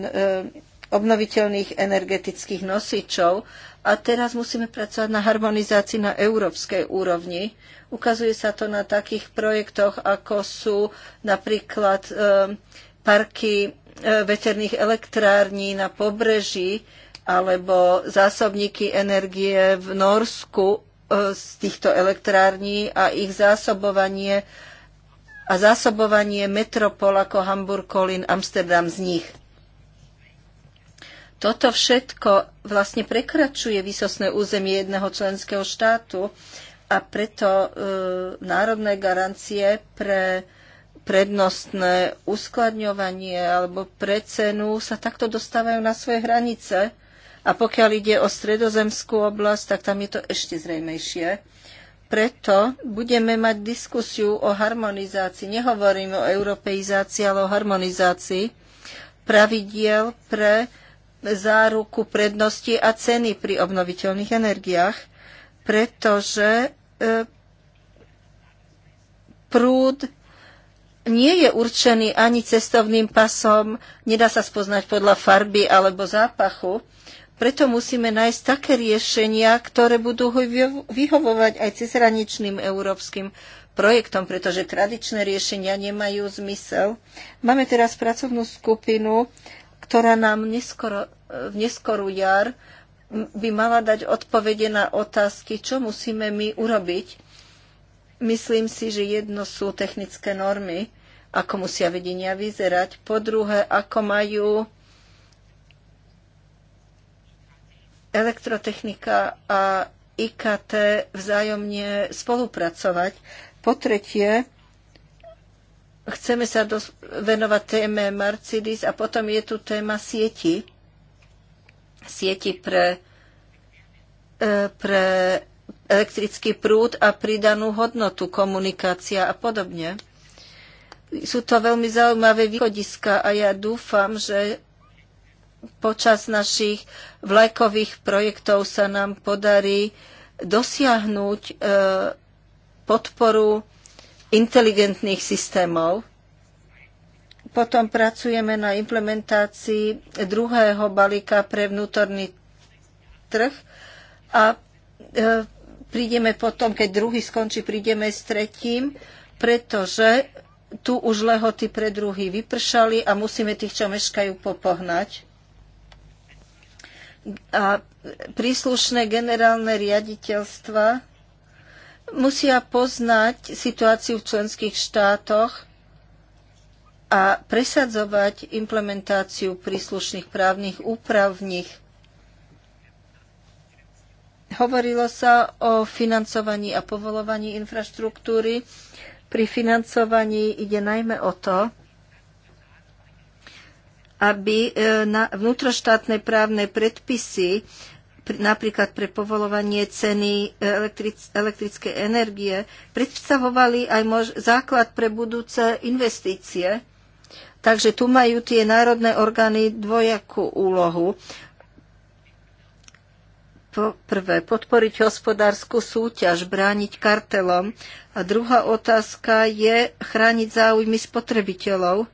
obnoviteľných energetických nosičov a teraz musíme pracovať na harmonizácii na európskej úrovni. Ukazuje sa to na takých projektoch, ako sú napríklad e, parky e, veterných elektrární na pobreží alebo zásobníky energie v Norsku e, z týchto elektrární a ich zásobovanie a zásobovanie metropol ako Hamburg, Kolín, Amsterdam z nich. Toto všetko vlastne prekračuje výsostné územie jedného členského štátu a preto e, národné garancie pre prednostné uskladňovanie alebo precenu sa takto dostávajú na svoje hranice. A pokiaľ ide o stredozemskú oblasť, tak tam je to ešte zrejmejšie. Preto budeme mať diskusiu o harmonizácii. Nehovorím o europeizácii, ale o harmonizácii pravidiel pre záruku prednosti a ceny pri obnoviteľných energiách, pretože e, prúd nie je určený ani cestovným pasom, nedá sa spoznať podľa farby alebo zápachu. Preto musíme nájsť také riešenia, ktoré budú vyhovovať aj cezhraničným európskym projektom, pretože tradičné riešenia nemajú zmysel. Máme teraz pracovnú skupinu ktorá nám neskoro, v neskorú jar by mala dať odpovede na otázky, čo musíme my urobiť. Myslím si, že jedno sú technické normy, ako musia vedenia vyzerať. Po druhé, ako majú elektrotechnika a IKT vzájomne spolupracovať. Po tretie, Chceme sa dos- venovať téme Mercedes a potom je tu téma sieti. Sieti pre, e, pre elektrický prúd a pridanú hodnotu, komunikácia a podobne. Sú to veľmi zaujímavé východiska a ja dúfam, že počas našich vlajkových projektov sa nám podarí dosiahnuť e, podporu inteligentných systémov. Potom pracujeme na implementácii druhého balíka pre vnútorný trh a e, prídeme potom, keď druhý skončí, prídeme s tretím, pretože tu už lehoty pre druhý vypršali a musíme tých, čo meškajú, popohnať. A príslušné generálne riaditeľstva musia poznať situáciu v členských štátoch a presadzovať implementáciu príslušných právnych úprav v nich. Hovorilo sa o financovaní a povolovaní infraštruktúry. Pri financovaní ide najmä o to, aby e, na vnútroštátne právne predpisy napríklad pre povolovanie ceny elektric- elektrickej energie, predstavovali aj mož- základ pre budúce investície. Takže tu majú tie národné orgány dvojakú úlohu. Po prvé, podporiť hospodárskú súťaž, brániť kartelom. A druhá otázka je chrániť záujmy spotrebiteľov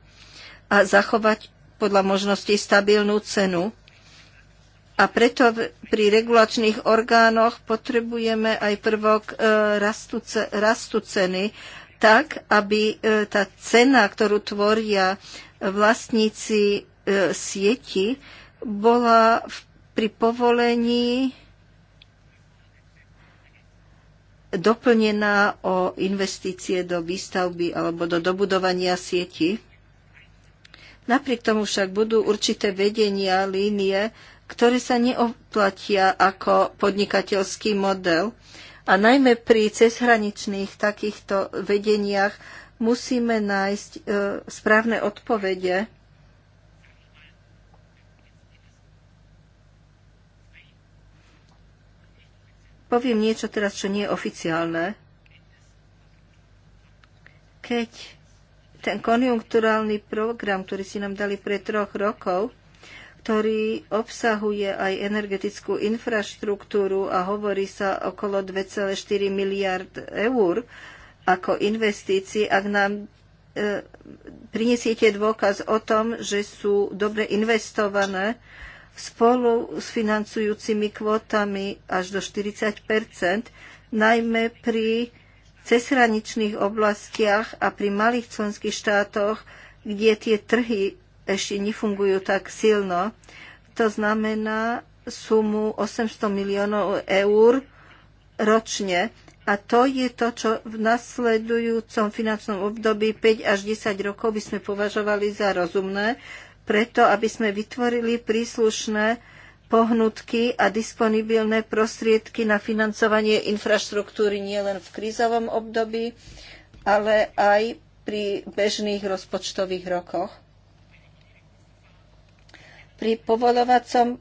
a zachovať podľa možností stabilnú cenu. A preto pri regulačných orgánoch potrebujeme aj prvok e, rastu, rastu ceny, tak aby e, tá cena, ktorú tvoria vlastníci e, sieti, bola pri povolení doplnená o investície do výstavby alebo do dobudovania sieti. Napriek tomu však budú určité vedenia, línie, ktoré sa neoplatia ako podnikateľský model. A najmä pri cezhraničných takýchto vedeniach musíme nájsť e, správne odpovede. Poviem niečo teraz, čo nie je oficiálne. Keď ten konjunkturálny program, ktorý si nám dali pre troch rokov, ktorý obsahuje aj energetickú infraštruktúru a hovorí sa okolo 2,4 miliard eur ako investícií, ak nám e, prinesiete dôkaz o tom, že sú dobre investované spolu s financujúcimi kvótami až do 40 najmä pri cezhraničných oblastiach a pri malých členských štátoch, kde tie trhy ešte nefungujú tak silno. To znamená sumu 800 miliónov eur ročne. A to je to, čo v nasledujúcom finančnom období 5 až 10 rokov by sme považovali za rozumné, preto aby sme vytvorili príslušné pohnutky a disponibilné prostriedky na financovanie infraštruktúry nielen v krízovom období, ale aj pri bežných rozpočtových rokoch pri povolovacom e,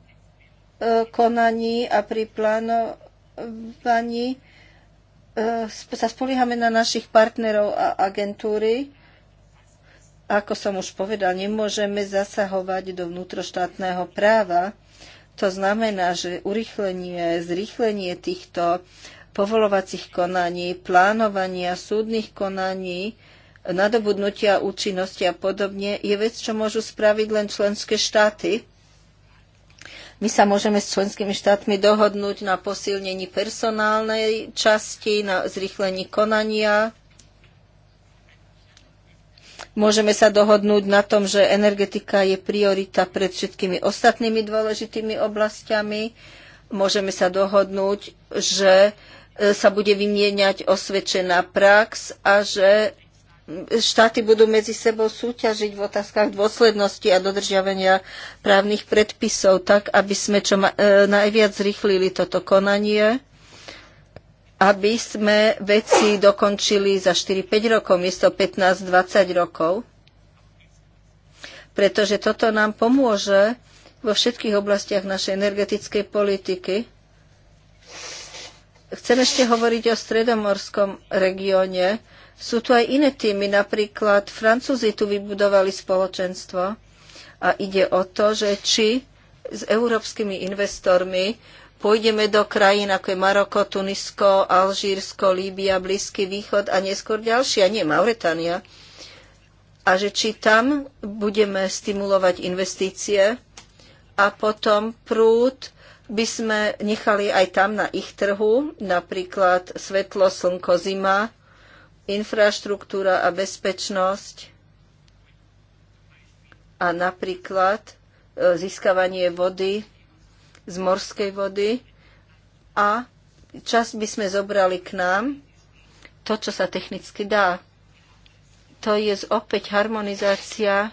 konaní a pri plánovaní e, sa spoliehame na našich partnerov a agentúry. Ako som už povedal, nemôžeme zasahovať do vnútroštátneho práva. To znamená, že urychlenie, zrýchlenie týchto povolovacích konaní, plánovania súdnych konaní, nadobudnutia účinnosti a podobne je vec, čo môžu spraviť len členské štáty my sa môžeme s členskými štátmi dohodnúť na posilnení personálnej časti, na zrýchlení konania. Môžeme sa dohodnúť na tom, že energetika je priorita pred všetkými ostatnými dôležitými oblastiami. Môžeme sa dohodnúť, že e, sa bude vymieňať osvedčená prax a že štáty budú medzi sebou súťažiť v otázkach dôslednosti a dodržiavania právnych predpisov, tak aby sme čo e, najviac zrýchlili toto konanie, aby sme veci dokončili za 4-5 rokov, miesto 15-20 rokov, pretože toto nám pomôže vo všetkých oblastiach našej energetickej politiky. Chcem ešte hovoriť o stredomorskom regióne, sú tu aj iné týmy, napríklad Francúzi tu vybudovali spoločenstvo a ide o to, že či s európskymi investormi pôjdeme do krajín ako je Maroko, Tunisko, Alžírsko, Líbia, Blízky východ a neskôr ďalšia, nie Mauretania. A že či tam budeme stimulovať investície a potom prúd by sme nechali aj tam na ich trhu, napríklad svetlo, slnko, zima, infraštruktúra a bezpečnosť a napríklad e, získavanie vody z morskej vody a čas by sme zobrali k nám, to, čo sa technicky dá. To je opäť harmonizácia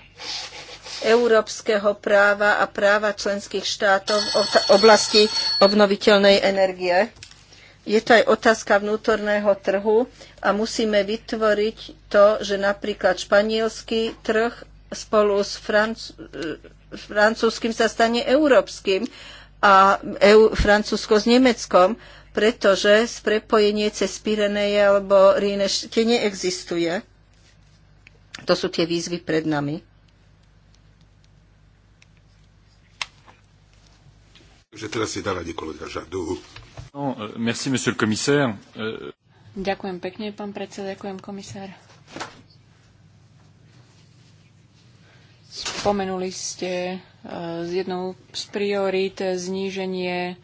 európskeho práva a práva členských štátov v oblasti obnoviteľnej energie. Je to aj otázka vnútorného trhu a musíme vytvoriť to, že napríklad španielský trh spolu s Franc- e, francúzským sa stane európskym a EU, Francúzsko s Nemeckom, pretože prepojenie cez Pireneje alebo Ríne ešte neexistuje. To sú tie výzvy pred nami. Takže teraz si dala Nikolo Žadu. Euh, euh, ďakujem pekne, pán predseda, ďakujem, komisár. Spomenuli ste e, z jednou z priorít zníženie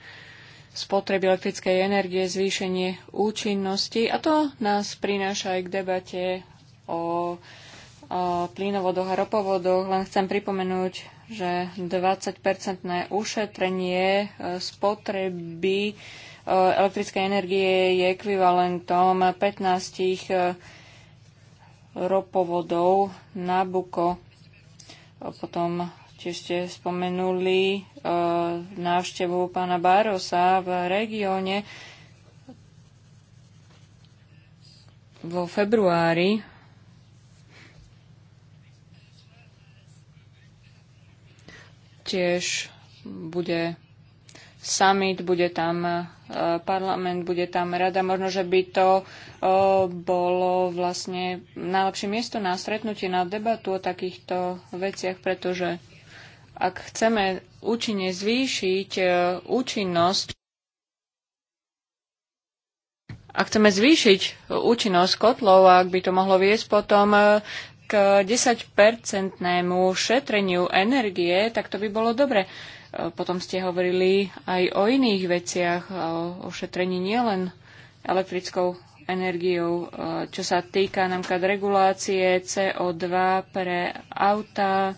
spotreby elektrickej energie, zvýšenie účinnosti a to nás prináša aj k debate o, o plynovodoch a ropovodoch. Len chcem pripomenúť, že 20-percentné ušetrenie e, spotreby Eh, elektrickej energie je ekvivalentom 15 eh, ropovodov Buko. Potom tiež ste spomenuli eh, návštevu pána Barosa v regióne vo februári tiež bude summit, bude tam parlament, bude tam rada. Možno, že by to bolo vlastne najlepšie miesto na stretnutie, na debatu o takýchto veciach, pretože ak chceme účinne zvýšiť e, účinnosť, ak chceme zvýšiť účinnosť kotlov, ak by to mohlo viesť potom e, k 10-percentnému šetreniu energie, tak to by bolo dobre. Potom ste hovorili aj o iných veciach, o ošetrení nielen elektrickou energiou, čo sa týka napríklad regulácie CO2 pre auta,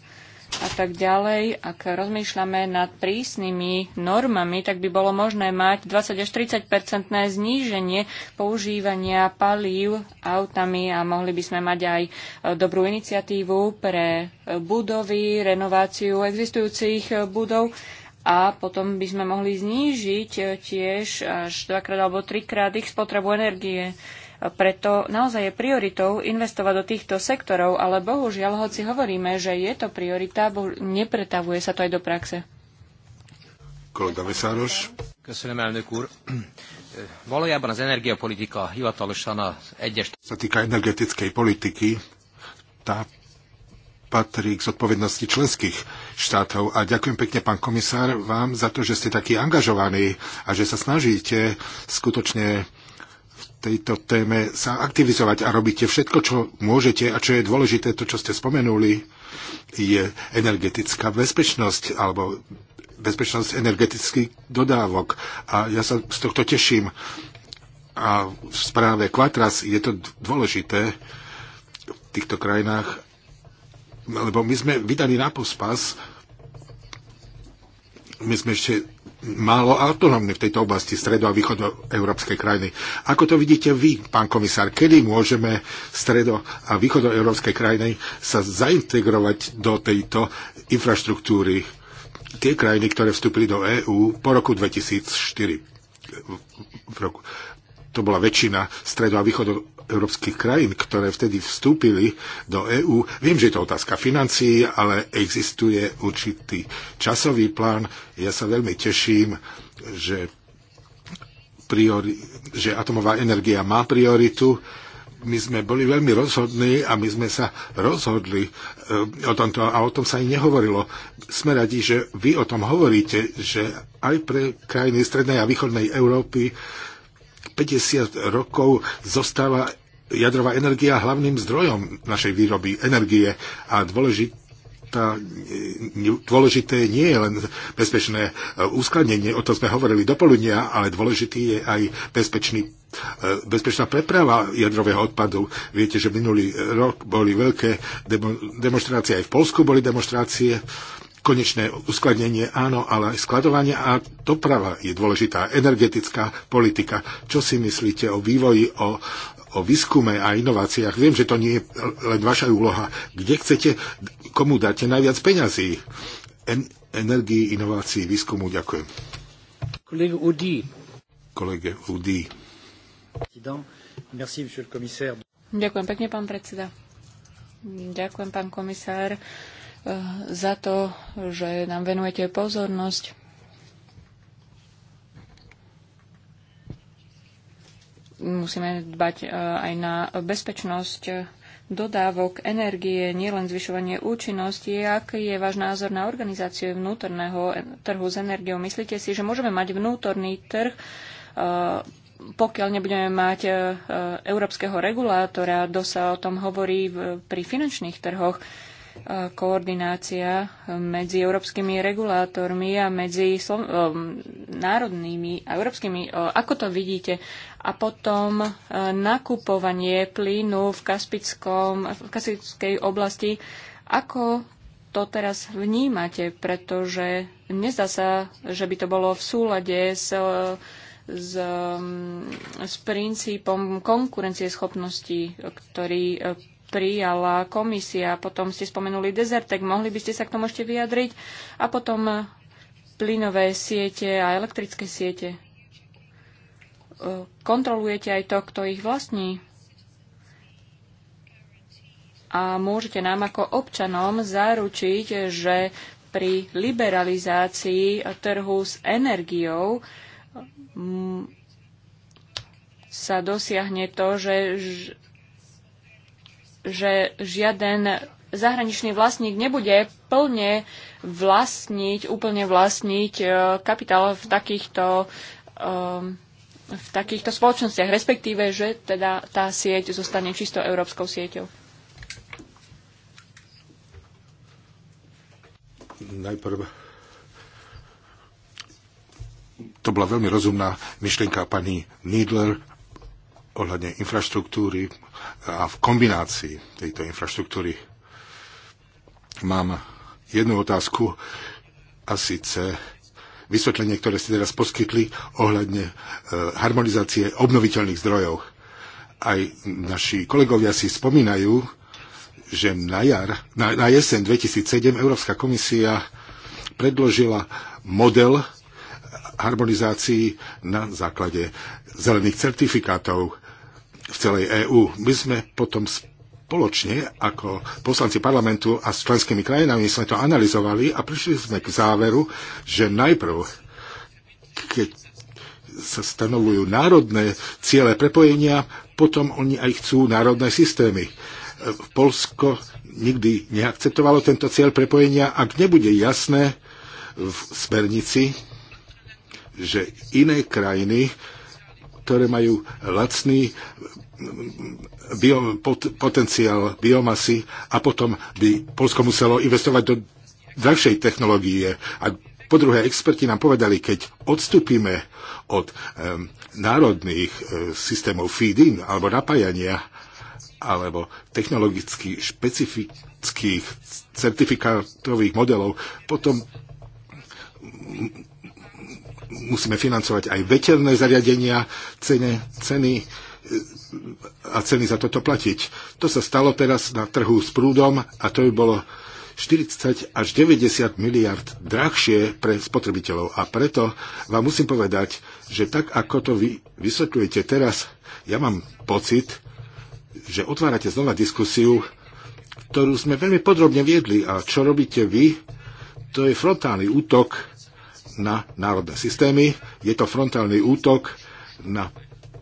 a tak ďalej, ak rozmýšľame nad prísnymi normami, tak by bolo možné mať 20 až 30 percentné zníženie používania palív autami a mohli by sme mať aj e, dobrú iniciatívu pre e, budovy, renováciu existujúcich e, budov a potom by sme mohli znížiť tiež až dvakrát alebo trikrát ich spotrebu energie. Preto naozaj je prioritou investovať do týchto sektorov, ale bohužiaľ, hoci hovoríme, že je to priorita, nepretavuje sa to aj do praxe. Kolega Vesároš. Köszönöm, elnök úr. <clears throat> Valójában az energiapolitika hivatalosan az egyes... Sa týka energetickej politiky, tá patrí k zodpovednosti členských štátov. A ďakujem pekne, pán komisár, vám za to, že ste takí angažovaní a že sa snažíte skutočne tejto téme sa aktivizovať a robíte všetko, čo môžete a čo je dôležité, to, čo ste spomenuli, je energetická bezpečnosť alebo bezpečnosť energetických dodávok. A ja sa z tohto teším. A v správe Quatras je to dôležité v týchto krajinách, lebo my sme vydali na pospas my sme ešte málo autonómni v tejto oblasti stredo- a východoeurópskej krajiny. Ako to vidíte vy, pán komisár, kedy môžeme stredo- a východoeurópskej krajiny sa zaintegrovať do tejto infraštruktúry? Tie krajiny, ktoré vstúpili do EÚ po roku 2004, v roku, to bola väčšina stredo- a východoeurópskej európskych krajín, ktoré vtedy vstúpili do EÚ. Viem, že je to otázka financií, ale existuje určitý časový plán. Ja sa veľmi teším, že, priori- že atomová energia má prioritu my sme boli veľmi rozhodní a my sme sa rozhodli eh, o tomto a o tom sa ani nehovorilo. Sme radi, že vy o tom hovoríte, že aj pre krajiny strednej a východnej Európy 50 rokov zostáva jadrová energia hlavným zdrojom našej výroby energie a dôležité tá, e, dôležité nie je len bezpečné e, uskladnenie, o tom sme hovorili do poludnia, ale dôležitý je aj bezpečný, e, bezpečná preprava jadrového odpadu. Viete, že minulý rok boli veľké demonstrácie, aj v Polsku boli demonstrácie konečné uskladnenie áno, ale aj skladovanie a doprava je dôležitá, energetická politika. Čo si myslíte o vývoji, o, o výskume a inováciách? Viem, že to nie je len vaša úloha. Kde chcete, komu dáte najviac peňazí? En, energii, inovácií, výskumu. Ďakujem. Kolega Udi. Kolege Udi. Ďakujem pekne, pán predseda. Ďakujem, pán komisár za to, že nám venujete pozornosť. Musíme dbať e, aj na bezpečnosť dodávok energie, nielen zvyšovanie účinnosti. Aký je váš názor na organizáciu vnútorného trhu s energiou? Myslíte si, že môžeme mať vnútorný trh, e, pokiaľ nebudeme mať e, európskeho regulátora, dosť sa o tom hovorí pri finančných trhoch, koordinácia medzi európskymi regulátormi a medzi um, národnými a európskymi. Ako to vidíte? A potom e, nakupovanie plynu v, Kaspickom, v Kaspickej oblasti. Ako to teraz vnímate? Pretože nezdá sa, že by to bolo v súlade s e, s, um, s princípom konkurencieschopnosti, ktorý e, prijala komisia. Potom ste spomenuli Desertek, mohli by ste sa k tomu ešte vyjadriť? A potom plynové siete a elektrické siete. E, kontrolujete aj to, kto ich vlastní? A môžete nám ako občanom zaručiť, že pri liberalizácii trhu s energiou sa dosiahne to, že že žiaden zahraničný vlastník nebude plne vlastniť, úplne vlastniť e, kapitál v takýchto, um, v takýchto spoločnostiach, respektíve, že teda tá sieť zostane čisto európskou sieťou. Najprv to bola veľmi rozumná myšlienka pani Niedler ohľadne infraštruktúry a v kombinácii tejto infraštruktúry. Mám jednu otázku a síce vysvetlenie, ktoré ste teraz poskytli ohľadne e, harmonizácie obnoviteľných zdrojov. Aj naši kolegovia si spomínajú, že na, jar, na, na jeseň 2007 Európska komisia predložila model harmonizácií na základe zelených certifikátov v celej EÚ. My sme potom spoločne ako poslanci parlamentu a s členskými krajinami sme to analyzovali a prišli sme k záveru, že najprv, keď sa stanovujú národné ciele prepojenia, potom oni aj chcú národné systémy. Polsko nikdy neakceptovalo tento cieľ prepojenia, ak nebude jasné v smernici, že iné krajiny ktoré majú lacný mm, bio, pot, potenciál biomasy a potom by Polsko muselo investovať do drahšej technológie. A po druhé, experti nám povedali, keď odstúpime od um, národných um, systémov feed-in alebo napájania alebo technologicky špecifických certifikátových modelov, potom musíme financovať aj veterné zariadenia, cene, ceny e, a ceny za toto platiť. To sa stalo teraz na trhu s prúdom a to by bolo 40 až 90 miliard drahšie pre spotrebiteľov. A preto vám musím povedať, že tak ako to vy vysvetľujete teraz, ja mám pocit, že otvárate znova diskusiu, ktorú sme veľmi podrobne viedli. A čo robíte vy, to je frontálny útok na národné systémy. Je to frontálny útok na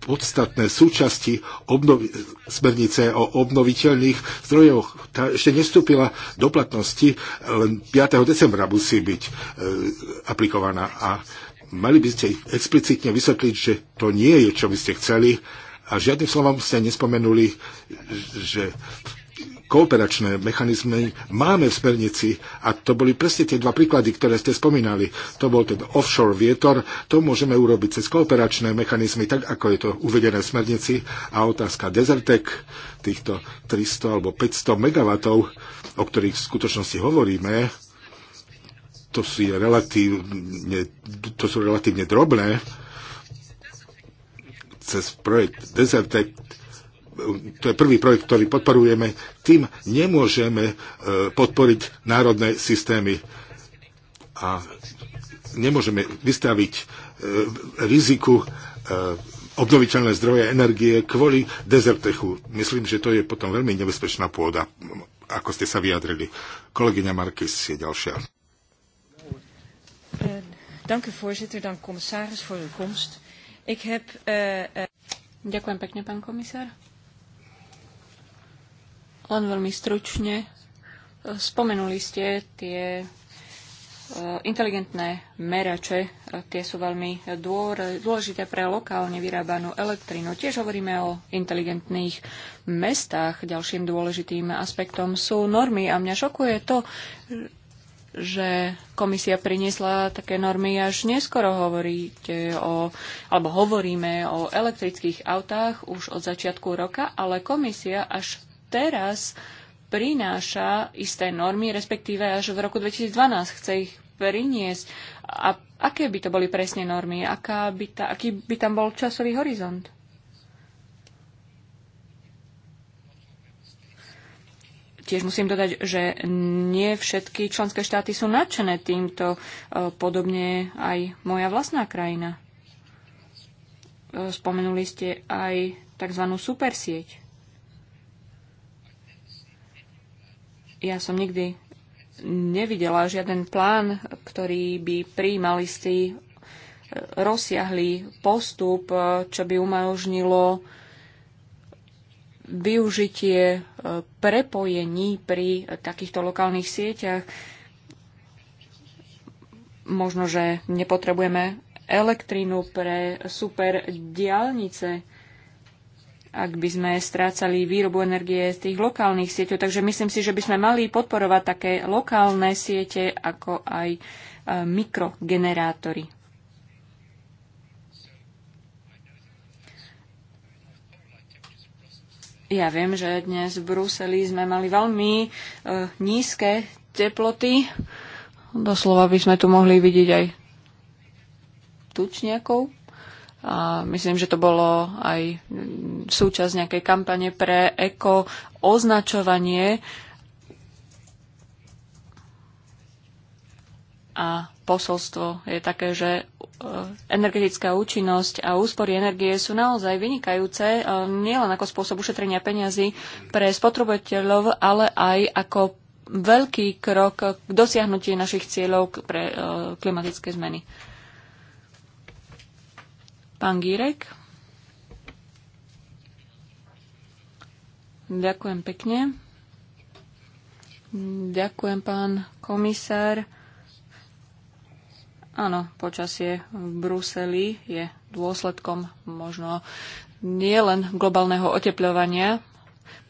podstatné súčasti obnovi- smernice o obnoviteľných zdrojoch. Tá ešte nestúpila do platnosti, len 5. decembra musí byť e, aplikovaná. A mali by ste explicitne vysvetliť, že to nie je, čo by ste chceli. A žiadnym slovom ste nespomenuli, že v kooperačné mechanizmy máme v smernici a to boli presne tie dva príklady, ktoré ste spomínali. To bol ten offshore vietor, to môžeme urobiť cez kooperačné mechanizmy, tak ako je to uvedené v smernici a otázka Desertec, týchto 300 alebo 500 megawatov, o ktorých v skutočnosti hovoríme, to sú relatívne, to sú relatívne drobné, cez projekt Desertec to je prvý projekt, ktorý podporujeme, tým nemôžeme e, podporiť národné systémy. A nemôžeme vystaviť e, riziku e, obnoviteľné zdroje energie kvôli dezertechu. Myslím, že to je potom veľmi nebezpečná pôda, ako ste sa vyjadrili. Kolegyňa Markis je ďalšia. Eh, eh, eh, Ďakujem pekne, pán komisár. Len veľmi stručne. Spomenuli ste tie e, inteligentné merače, e, tie sú veľmi dôležité pre lokálne vyrábanú elektrínu. Tiež hovoríme o inteligentných mestách. Ďalším dôležitým aspektom sú normy a mňa šokuje to, že komisia priniesla také normy až neskoro hovoríte o, alebo hovoríme o elektrických autách už od začiatku roka, ale komisia až teraz prináša isté normy, respektíve až v roku 2012 chce ich priniesť. A aké by to boli presne normy? Aká by ta, aký by tam bol časový horizont? Tiež musím dodať, že nie všetky členské štáty sú nadšené týmto, e, podobne aj moja vlastná krajina. E, spomenuli ste aj tzv. supersieť. ja som nikdy nevidela žiaden plán, ktorý by prijímal istý e, rozsiahlý postup, e, čo by umožnilo využitie e, prepojení pri takýchto lokálnych sieťach. Možno, že nepotrebujeme elektrínu pre super diálnice, ak by sme strácali výrobu energie z tých lokálnych sieťov. Takže myslím si, že by sme mali podporovať také lokálne siete, ako aj e, mikrogenerátory. Ja viem, že dnes v Bruseli sme mali veľmi e, nízke teploty. Doslova by sme tu mohli vidieť aj tučniakov. A myslím, že to bolo aj súčasť nejakej kampane pre eko označovanie. A posolstvo je také, že e, energetická účinnosť a úspory energie sú naozaj vynikajúce, e, nielen ako spôsob ušetrenia peňazí pre spotrebiteľov, ale aj ako veľký krok k dosiahnutí našich cieľov pre e, klimatické zmeny. Pán Gírek. Ďakujem pekne. Ďakujem, pán komisár. Áno, počasie v Bruseli je dôsledkom možno nielen globálneho oteplovania.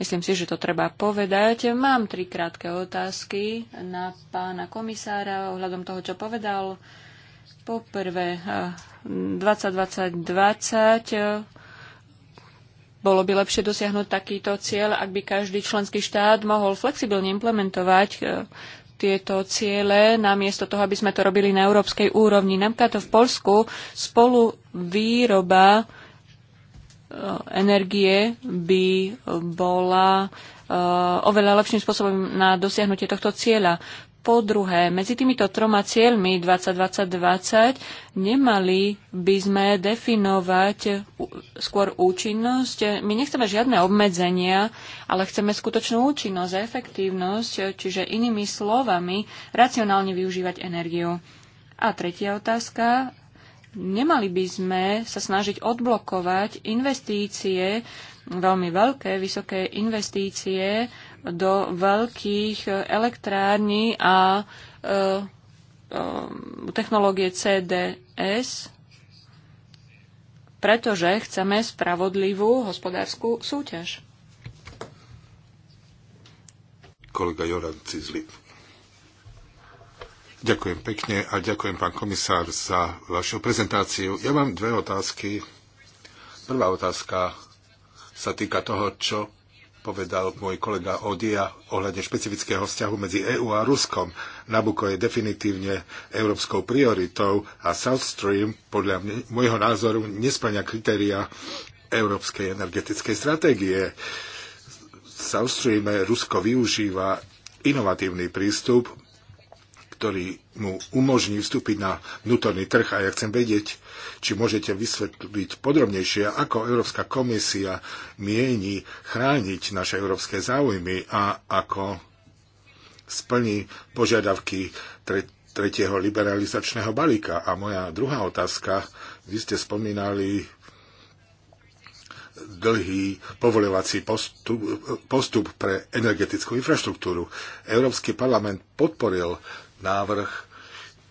Myslím si, že to treba povedať. Mám tri krátke otázky na pána komisára ohľadom toho, čo povedal. Poprvé, 2020-2020 eh, eh, bolo by lepšie dosiahnuť takýto cieľ, ak by každý členský štát mohol flexibilne implementovať eh, tieto ciele, namiesto toho, aby sme to robili na európskej úrovni. Napríklad v Polsku spolu výroba energie by bola oveľa lepším spôsobom na dosiahnutie tohto cieľa po druhé, medzi týmito troma cieľmi 2020 nemali by sme definovať skôr účinnosť. My nechceme žiadne obmedzenia, ale chceme skutočnú účinnosť a efektívnosť, čiže inými slovami racionálne využívať energiu. A tretia otázka. Nemali by sme sa snažiť odblokovať investície, veľmi veľké, vysoké investície, do veľkých eh, elektrární a eh, eh, technológie CDS, pretože chceme spravodlivú hospodárskú súťaž. Kolega Joran Cizli. Ďakujem pekne a ďakujem pán komisár za vašu prezentáciu. Ja mám dve otázky. Prvá otázka sa týka toho, čo povedal môj kolega Odia ohľadne špecifického vzťahu medzi EÚ a Ruskom. Nabuko je definitívne európskou prioritou a South Stream podľa môjho názoru nesplňa kritéria európskej energetickej stratégie. South Stream Rusko využíva inovatívny prístup, ktorý mu umožní vstúpiť na vnútorný trh a ja chcem vedieť, či môžete vysvetliť podrobnejšie, ako Európska komisia mieni chrániť naše európske záujmy a ako splní požiadavky tre- tretieho liberalizačného balíka. A moja druhá otázka, vy ste spomínali dlhý povolovací postup, postup pre energetickú infraštruktúru. Európsky parlament podporil návrh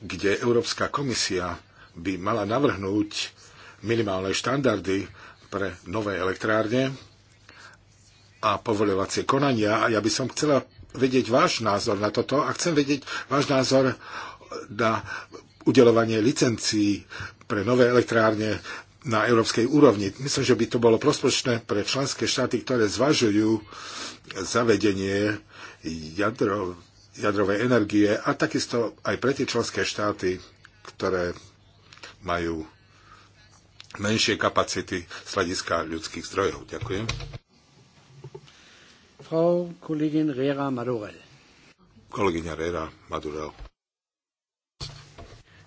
kde Európska komisia by mala navrhnúť minimálne štandardy pre nové elektrárne a povoľovacie konania. A ja by som chcela vedieť váš názor na toto a chcem vedieť váš názor na udelovanie licencií pre nové elektrárne na európskej úrovni. Myslím, že by to bolo prospočné pre členské štáty, ktoré zvažujú zavedenie jadro, jadrovej energie a takisto aj pre tie členské štáty, ktoré majú menšie kapacity z hľadiska ľudských zdrojov. Ďakujem. Frau Kollegin Rera Madurel. Kolegyňa Rera Madurel.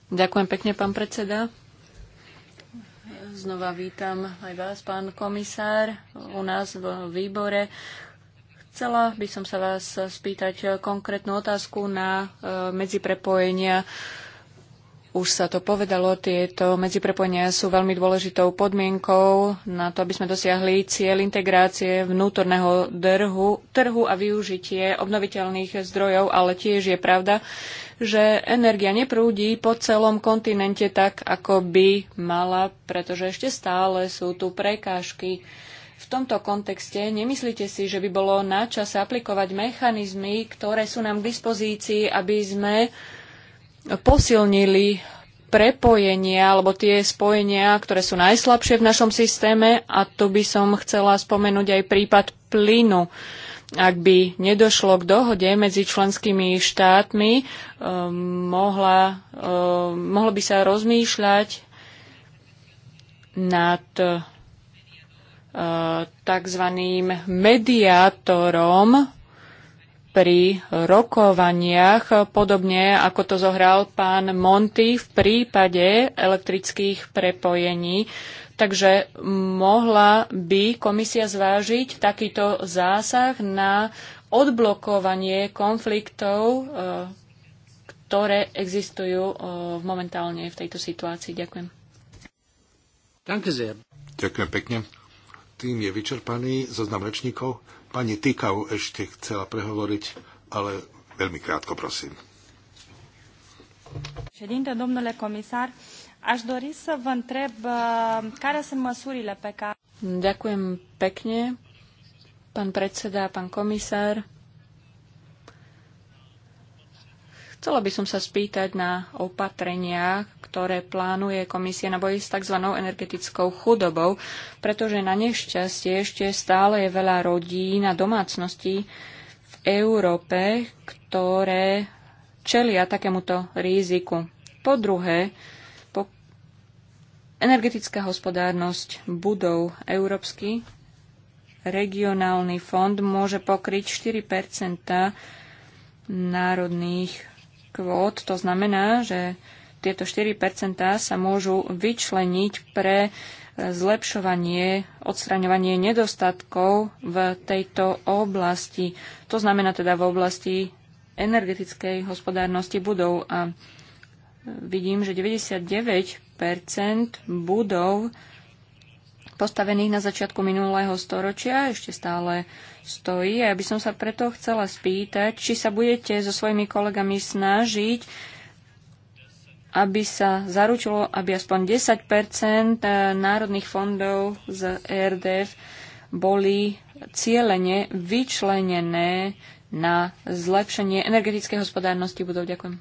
Ďakujem pekne, pán predseda. Znova vítam aj vás, pán komisár, u nás v výbore. Chcela by som sa vás spýtať konkrétnu otázku na e, medziprepojenia. Už sa to povedalo, tieto medziprepojenia sú veľmi dôležitou podmienkou na to, aby sme dosiahli cieľ integrácie vnútorného drhu, trhu a využitie obnoviteľných zdrojov, ale tiež je pravda, že energia neprúdi po celom kontinente tak, ako by mala, pretože ešte stále sú tu prekážky v tomto kontexte nemyslíte si, že by bolo na čas aplikovať mechanizmy, ktoré sú nám k dispozícii, aby sme posilnili prepojenia alebo tie spojenia, ktoré sú najslabšie v našom systéme a tu by som chcela spomenúť aj prípad plynu. Ak by nedošlo k dohode medzi členskými štátmi, um, mohla, um, mohlo by sa rozmýšľať nad tzv. mediátorom pri rokovaniach, podobne ako to zohral pán Monty v prípade elektrických prepojení. Takže mohla by komisia zvážiť takýto zásah na odblokovanie konfliktov, e, ktoré existujú e, momentálne v tejto situácii. Ďakujem. Ďakujem pekne tým je vyčerpaný zoznam rečníkov. Pani Tykau ešte chcela prehovoriť, ale veľmi krátko, prosím. Ședinte, domnule komisár, aș dori să vă întreb uh, care sunt măsurile pe care... Ďakujem pekne, pán predseda, pán komisár. Chcela by som sa spýtať na opatrenia, ktoré plánuje komisia na boji s tzv. energetickou chudobou, pretože na nešťastie ešte stále je veľa rodín a domácností v Európe, ktoré čelia takémuto riziku. Po druhé, po energetická hospodárnosť budov Európsky regionálny fond môže pokryť 4 národných kvót. To znamená, že tieto 4 sa môžu vyčleniť pre e, zlepšovanie, odstraňovanie nedostatkov v tejto oblasti. To znamená teda v oblasti energetickej hospodárnosti budov. A e, vidím, že 99 budov postavených na začiatku minulého storočia, ešte stále stojí. A ja by som sa preto chcela spýtať, či sa budete so svojimi kolegami snažiť, aby sa zaručilo, aby aspoň 10 národných fondov z ERDF boli cieľene vyčlenené na zlepšenie energetickej hospodárnosti budov. Ďakujem.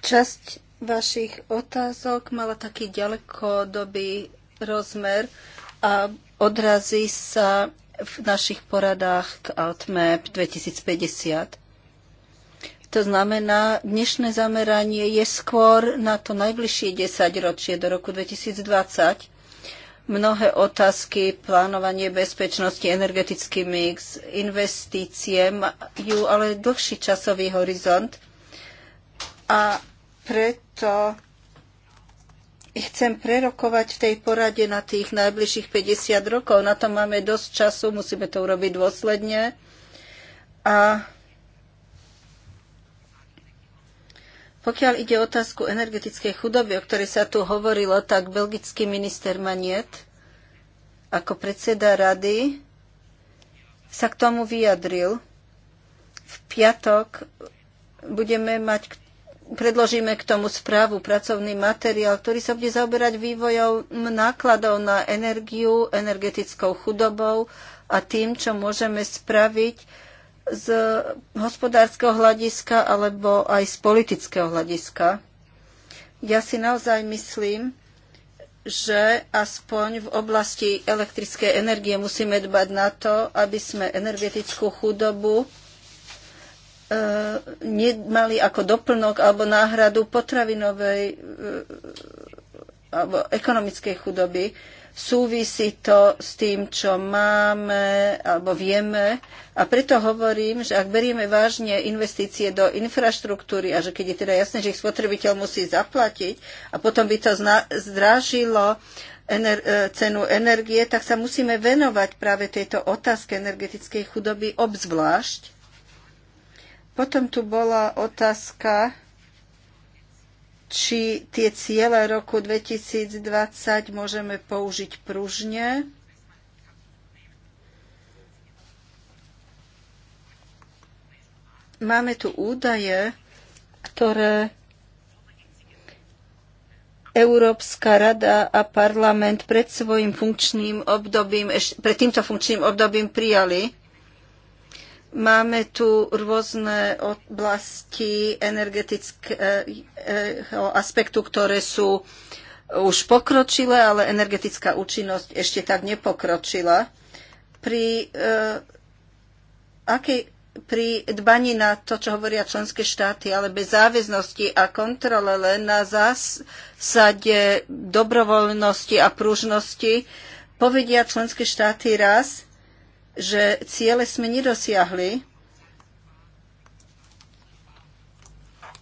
Časť vašich otázok mala taký ďalekodobý rozmer a odrazí sa v našich poradách k Altmap 2050. To znamená, dnešné zameranie je skôr na to najbližšie 10 ročie do roku 2020. Mnohé otázky, plánovanie bezpečnosti, energetický mix, investície majú ale dlhší časový horizont a preto chcem prerokovať v tej porade na tých najbližších 50 rokov. Na to máme dosť času, musíme to urobiť dôsledne. A pokiaľ ide o otázku energetickej chudoby, o ktorej sa tu hovorilo, tak belgický minister Maniet ako predseda rady sa k tomu vyjadril. V piatok budeme mať predložíme k tomu správu, pracovný materiál, ktorý sa bude zaoberať vývojom nákladov na energiu, energetickou chudobou a tým, čo môžeme spraviť z hospodárskeho hľadiska alebo aj z politického hľadiska. Ja si naozaj myslím, že aspoň v oblasti elektrickej energie musíme dbať na to, aby sme energetickú chudobu nemali ako doplnok alebo náhradu potravinovej e, alebo ekonomickej chudoby. Súvisí to s tým, čo máme alebo vieme. A preto hovorím, že ak berieme vážne investície do infraštruktúry a že keď je teda jasné, že ich spotrebiteľ musí zaplatiť a potom by to zdrážilo ener- e, cenu energie, tak sa musíme venovať práve tejto otázke energetickej chudoby obzvlášť potom tu bola otázka, či tie ciele roku 2020 môžeme použiť pružne. Máme tu údaje, ktoré Európska rada a parlament pred svojim funkčným obdobím, pred týmto funkčným obdobím prijali. Máme tu rôzne oblasti energetického aspektu, ktoré sú už pokročilé, ale energetická účinnosť ešte tak nepokročila. Pri, e, eh, aký, pri dbaní na to, čo hovoria členské štáty, ale bez záväznosti a kontrole len na zásade dobrovoľnosti a pružnosti, povedia členské štáty raz – že ciele sme nedosiahli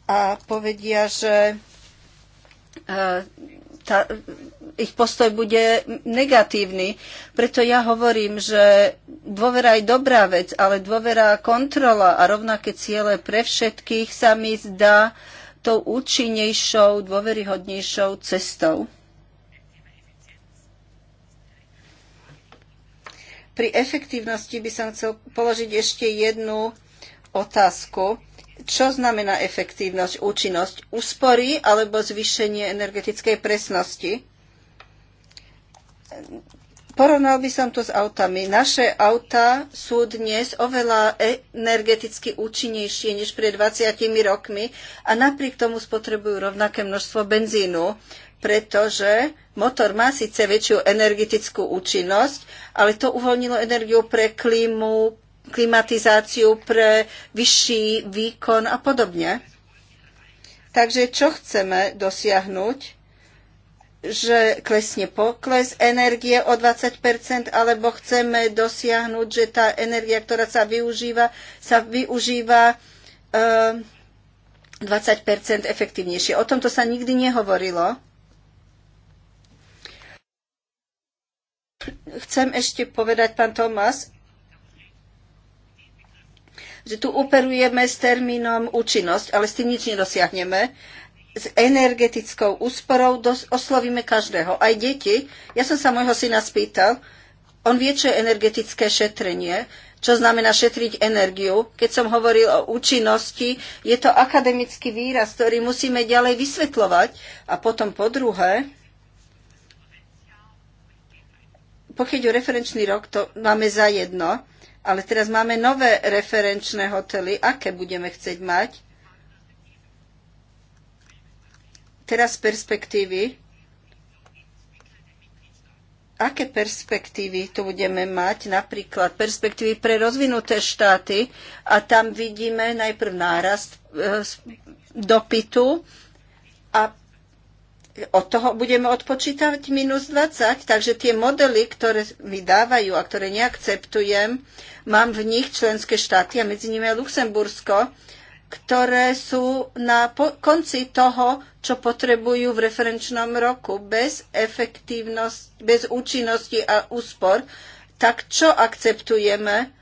a povedia, že e, tá, ich postoj bude negatívny. Preto ja hovorím, že dôvera je dobrá vec, ale dôvera kontrola a rovnaké ciele pre všetkých sa mi zdá tou účinnejšou, dôveryhodnejšou cestou. Pri efektívnosti by som chcel položiť ešte jednu otázku. Čo znamená efektívnosť, účinnosť? Úspory alebo zvýšenie energetickej presnosti? Porovnal by som to s autami. Naše auta sú dnes oveľa energeticky účinnejšie než pred 20 rokmi a napriek tomu spotrebujú rovnaké množstvo benzínu pretože motor má síce väčšiu energetickú účinnosť, ale to uvoľnilo energiu pre klímu, klimatizáciu, pre vyšší výkon a podobne. Takže čo chceme dosiahnuť? že klesne pokles energie o 20 alebo chceme dosiahnuť, že tá energia, ktorá sa využíva, sa využíva e, ehm, 20 efektívnejšie. O tomto sa nikdy nehovorilo. chcem ešte povedať, pán Tomás, že tu operujeme s termínom účinnosť, ale s tým nič nedosiahneme. S energetickou úsporou oslovíme každého, aj deti. Ja som sa môjho syna spýtal, on vie, čo je energetické šetrenie, čo znamená šetriť energiu. Keď som hovoril o účinnosti, je to akademický výraz, ktorý musíme ďalej vysvetľovať. A potom po druhé, pokiaľ je referenčný rok, to máme za jedno, ale teraz máme nové referenčné hotely, aké budeme chcieť mať. Teraz perspektívy. Aké perspektívy tu budeme mať? Napríklad perspektívy pre rozvinuté štáty a tam vidíme najprv nárast e, dopytu a od toho budeme odpočítavať minus 20, takže tie modely, ktoré mi dávajú a ktoré neakceptujem, mám v nich členské štáty a medzi nimi aj Luxembursko, ktoré sú na konci toho, čo potrebujú v referenčnom roku bez, efektívnosti, bez účinnosti a úspor, tak čo akceptujeme?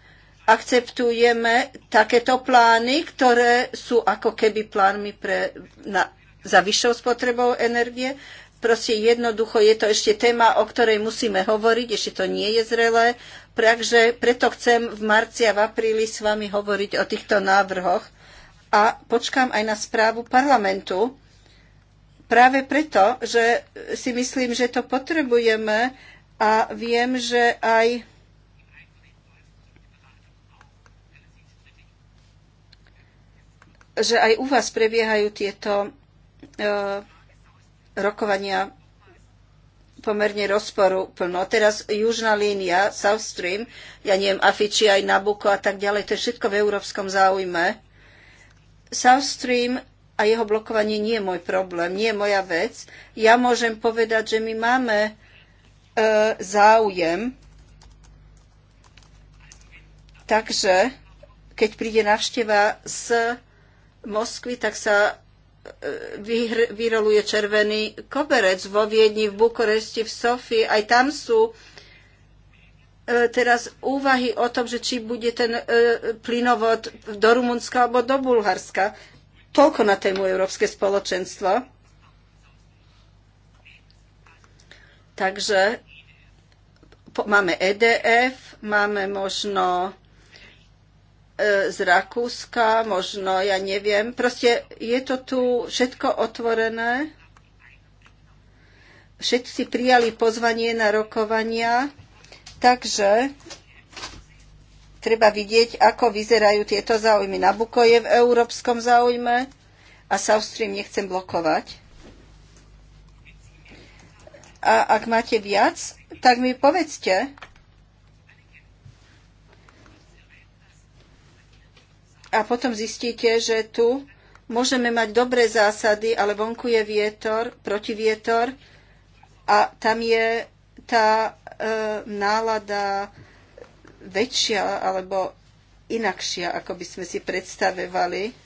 Akceptujeme takéto plány, ktoré sú ako keby plánmi pre na za vyššou spotrebou energie. Proste jednoducho je to ešte téma, o ktorej musíme hovoriť, ešte to nie je zrelé, takže preto chcem v marci a v apríli s vami hovoriť o týchto návrhoch a počkám aj na správu parlamentu, práve preto, že si myslím, že to potrebujeme a viem, že aj že aj u vás prebiehajú tieto E, rokovania pomerne rozporúplno. Teraz južná línia, South Stream, ja neviem, Afiči aj Nabuko a tak ďalej, to je všetko v európskom záujme. South Stream a jeho blokovanie nie je môj problém, nie je moja vec. Ja môžem povedať, že my máme e, záujem, takže keď príde navšteva z Moskvy, tak sa vyroluje červený koberec vo Viedni, v Bukoresti, v Sofii. Aj tam sú e, teraz úvahy o tom, že či bude ten e, plynovod do Rumunska alebo do Bulharska. Toľko na tému Európske spoločenstvo. Takže máme EDF, máme možno E, z Rakúska, možno, ja neviem. Proste je to tu všetko otvorené. Všetci prijali pozvanie na rokovania, takže treba vidieť, ako vyzerajú tieto záujmy. Nabuko je v európskom záujme a South Stream nechcem blokovať. A ak máte viac, tak mi povedzte. a potom zistíte, že tu môžeme mať dobré zásady, ale vonku je vietor, protivietor a tam je tá e, nálada väčšia alebo inakšia, ako by sme si predstavovali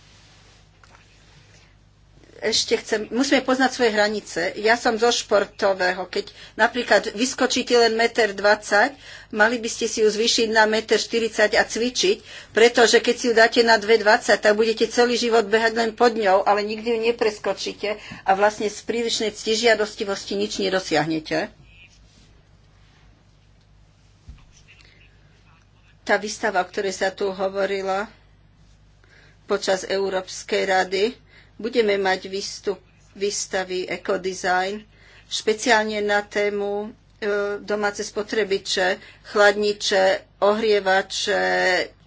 ešte chcem, musíme poznať svoje hranice. Ja som zo športového, keď napríklad vyskočíte len 1,20 m, mali by ste si ju zvýšiť na 1,40 m a cvičiť, pretože keď si ju dáte na 2,20 tak budete celý život behať len pod ňou, ale nikdy ju nepreskočíte a vlastne z prílišnej ctižiadostivosti nič nedosiahnete. Tá výstava, o ktorej sa tu hovorila počas Európskej rady, budeme mať výstup, výstavy ekodesign, špeciálne na tému e, domáce spotrebiče, chladniče, ohrievače,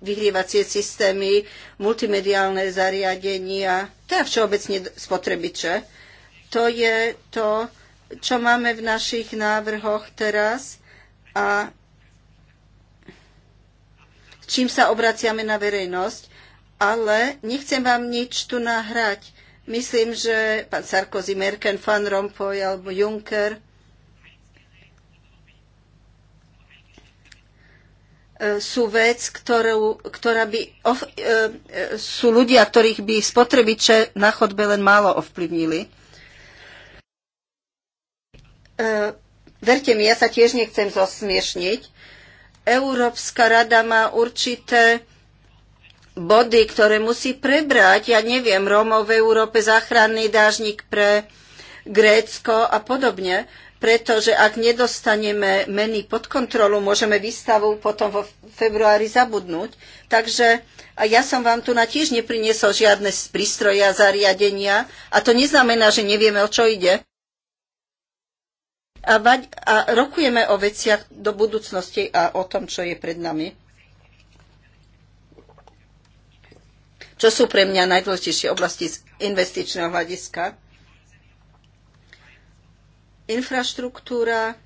vyhrievacie systémy, multimediálne zariadenia, teda všeobecne spotrebiče. To je to, čo máme v našich návrhoch teraz a čím sa obraciame na verejnosť ale nechcem vám nič tu nahrať. Myslím, že pán Sarkozy, Merken, Van Rompuy alebo Juncker e, sú vec, ktorú, ktorá by, of, e, e, sú ľudia, ktorých by spotrebiče na chodbe len málo ovplyvnili. Verte mi, ja sa tiež nechcem zosmiešniť. Európska rada má určité body, ktoré musí prebrať, ja neviem, Rómov v Európe, záchranný dážnik pre Grécko a podobne, pretože ak nedostaneme meny pod kontrolu, môžeme výstavu potom vo februári zabudnúť. Takže a ja som vám tu na tiež nepriniesol žiadne prístroje a zariadenia a to neznamená, že nevieme, o čo ide. A, vaď, a rokujeme o veciach do budúcnosti a o tom, čo je pred nami. čo sú pre mňa najdôležitejšie oblasti z investičného hľadiska. Infraštruktúra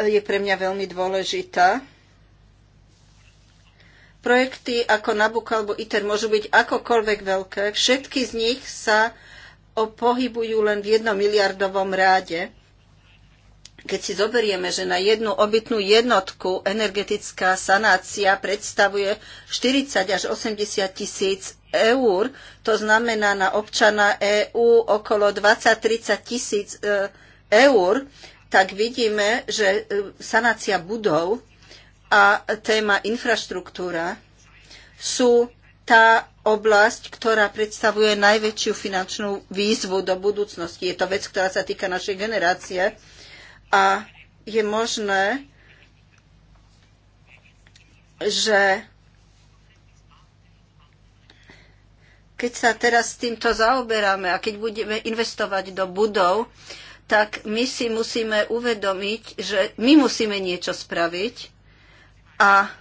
eh, je pre mňa veľmi dôležitá. Projekty ako Nabucco alebo ITER môžu byť akokoľvek veľké. Všetky z nich sa pohybujú len v jednomiliardovom ráde keď si zoberieme, že na jednu obytnú jednotku energetická sanácia predstavuje 40 až 80 tisíc eur, to znamená na občana EÚ okolo 20-30 tisíc e, eur, tak vidíme, že e, sanácia budov a téma infraštruktúra sú tá oblasť, ktorá predstavuje najväčšiu finančnú výzvu do budúcnosti. Je to vec, ktorá sa týka našej generácie a je možné, že keď sa teraz s týmto zaoberáme a keď budeme investovať do budov, tak my si musíme uvedomiť, že my musíme niečo spraviť a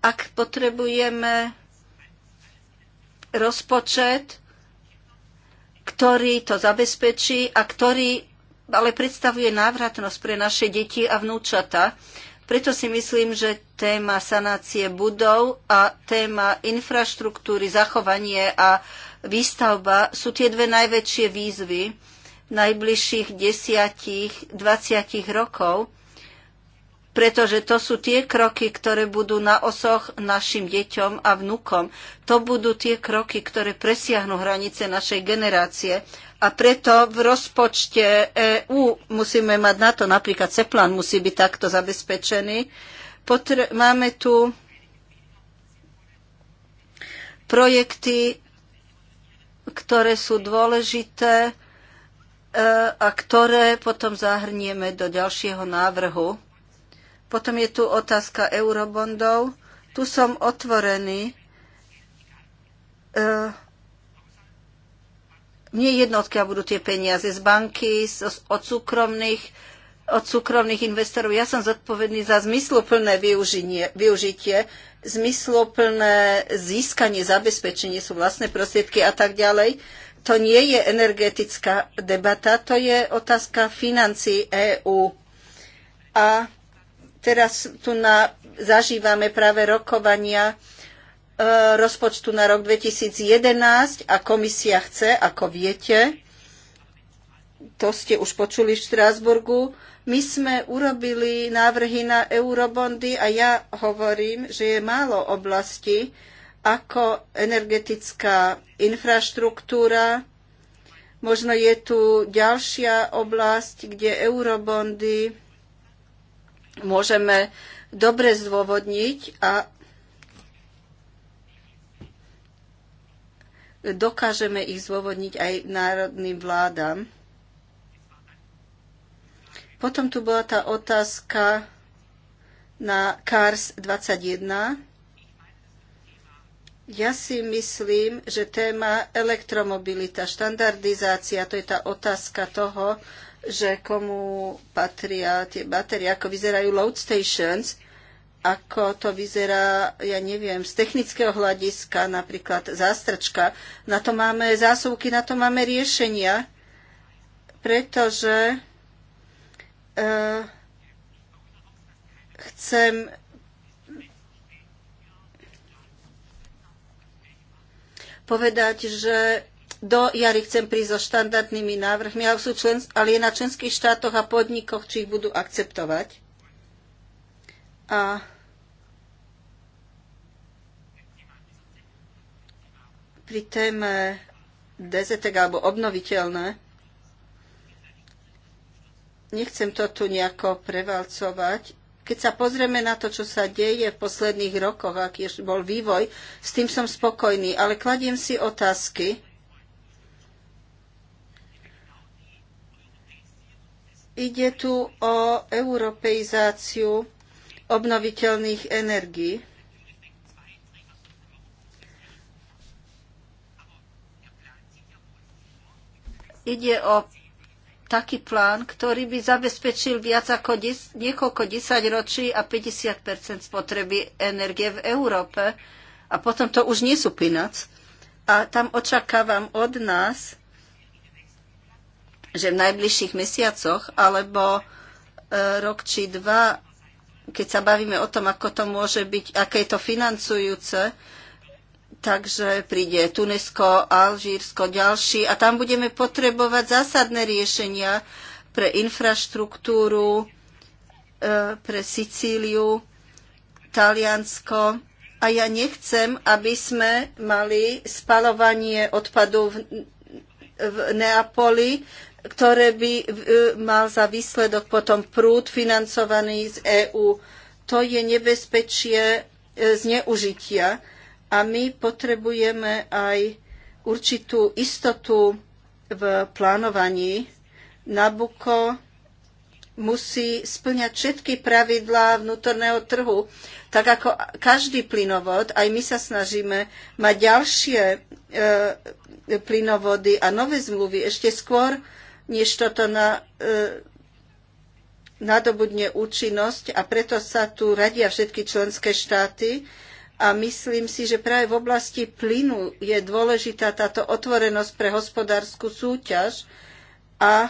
ak potrebujeme rozpočet, ktorý to zabezpečí a ktorý ale predstavuje návratnosť pre naše deti a vnúčata. Preto si myslím, že téma sanácie budov a téma infraštruktúry, zachovanie a výstavba sú tie dve najväčšie výzvy najbližších desiatich, dvaciatich rokov pretože to sú tie kroky, ktoré budú na osoch našim deťom a vnúkom. To budú tie kroky, ktoré presiahnu hranice našej generácie. A preto v rozpočte EÚ musíme mať na to, napríklad CEPLAN musí byť takto zabezpečený. Potre- máme tu projekty, ktoré sú dôležité e, a ktoré potom zahrnieme do ďalšieho návrhu potom je tu otázka eurobondov. Tu som otvorený. E, nie jednotky budú tie peniaze z banky, od súkromných, od súkromných investorov. Ja som zodpovedný za zmysluplné využitie, využitie zmysluplné získanie, zabezpečenie sú vlastné prostriedky a tak ďalej. To nie je energetická debata, to je otázka financí EÚ. A Teraz tu na, zažívame práve rokovania e, rozpočtu na rok 2011 a komisia chce, ako viete, to ste už počuli v Štrásburgu, my sme urobili návrhy na eurobondy a ja hovorím, že je málo oblasti ako energetická infraštruktúra. Možno je tu ďalšia oblasť, kde eurobondy môžeme dobre zdôvodniť a dokážeme ich zdôvodniť aj národným vládam. Potom tu bola tá otázka na CARS 21. Ja si myslím, že téma elektromobilita, štandardizácia, to je tá otázka toho, že komu patria tie batérie, ako vyzerajú load stations, ako to vyzerá, ja neviem, z technického hľadiska, napríklad zástrčka. Na to máme zásuvky, na to máme riešenia, pretože uh, chcem povedať, že do jary chcem prísť so štandardnými návrhmi, ale, sú člen, ale je na členských štátoch a podnikoch, či ich budú akceptovať. A pri téme DZT alebo obnoviteľné nechcem to tu nejako prevalcovať. Keď sa pozrieme na to, čo sa deje v posledných rokoch, aký bol vývoj, s tým som spokojný, ale kladiem si otázky. Ide tu o europeizáciu obnoviteľných energií. Ide o taký plán, ktorý by zabezpečil viac ako niekoľko desaťročí a 50 spotreby energie v Európe. A potom to už nie sú pinac. A tam očakávam od nás, že v najbližších mesiacoch alebo e, rok či dva, keď sa bavíme o tom, ako to môže byť, aké je to financujúce, takže príde Tunisko, Alžírsko, ďalší a tam budeme potrebovať zásadné riešenia pre infraštruktúru, e, pre Sicíliu, Taliansko. A ja nechcem, aby sme mali spalovanie odpadu v, v Neapoli ktoré by e, mal za výsledok potom prúd financovaný z EÚ. To je nebezpečie e, zneužitia a my potrebujeme aj určitú istotu v plánovaní. Nabuko musí splňať všetky pravidlá vnútorného trhu, tak ako každý plynovod, aj my sa snažíme mať ďalšie e, plynovody a nové zmluvy ešte skôr, než toto na, e, nadobudne účinnosť a preto sa tu radia všetky členské štáty a myslím si, že práve v oblasti plynu je dôležitá táto otvorenosť pre hospodárskú súťaž a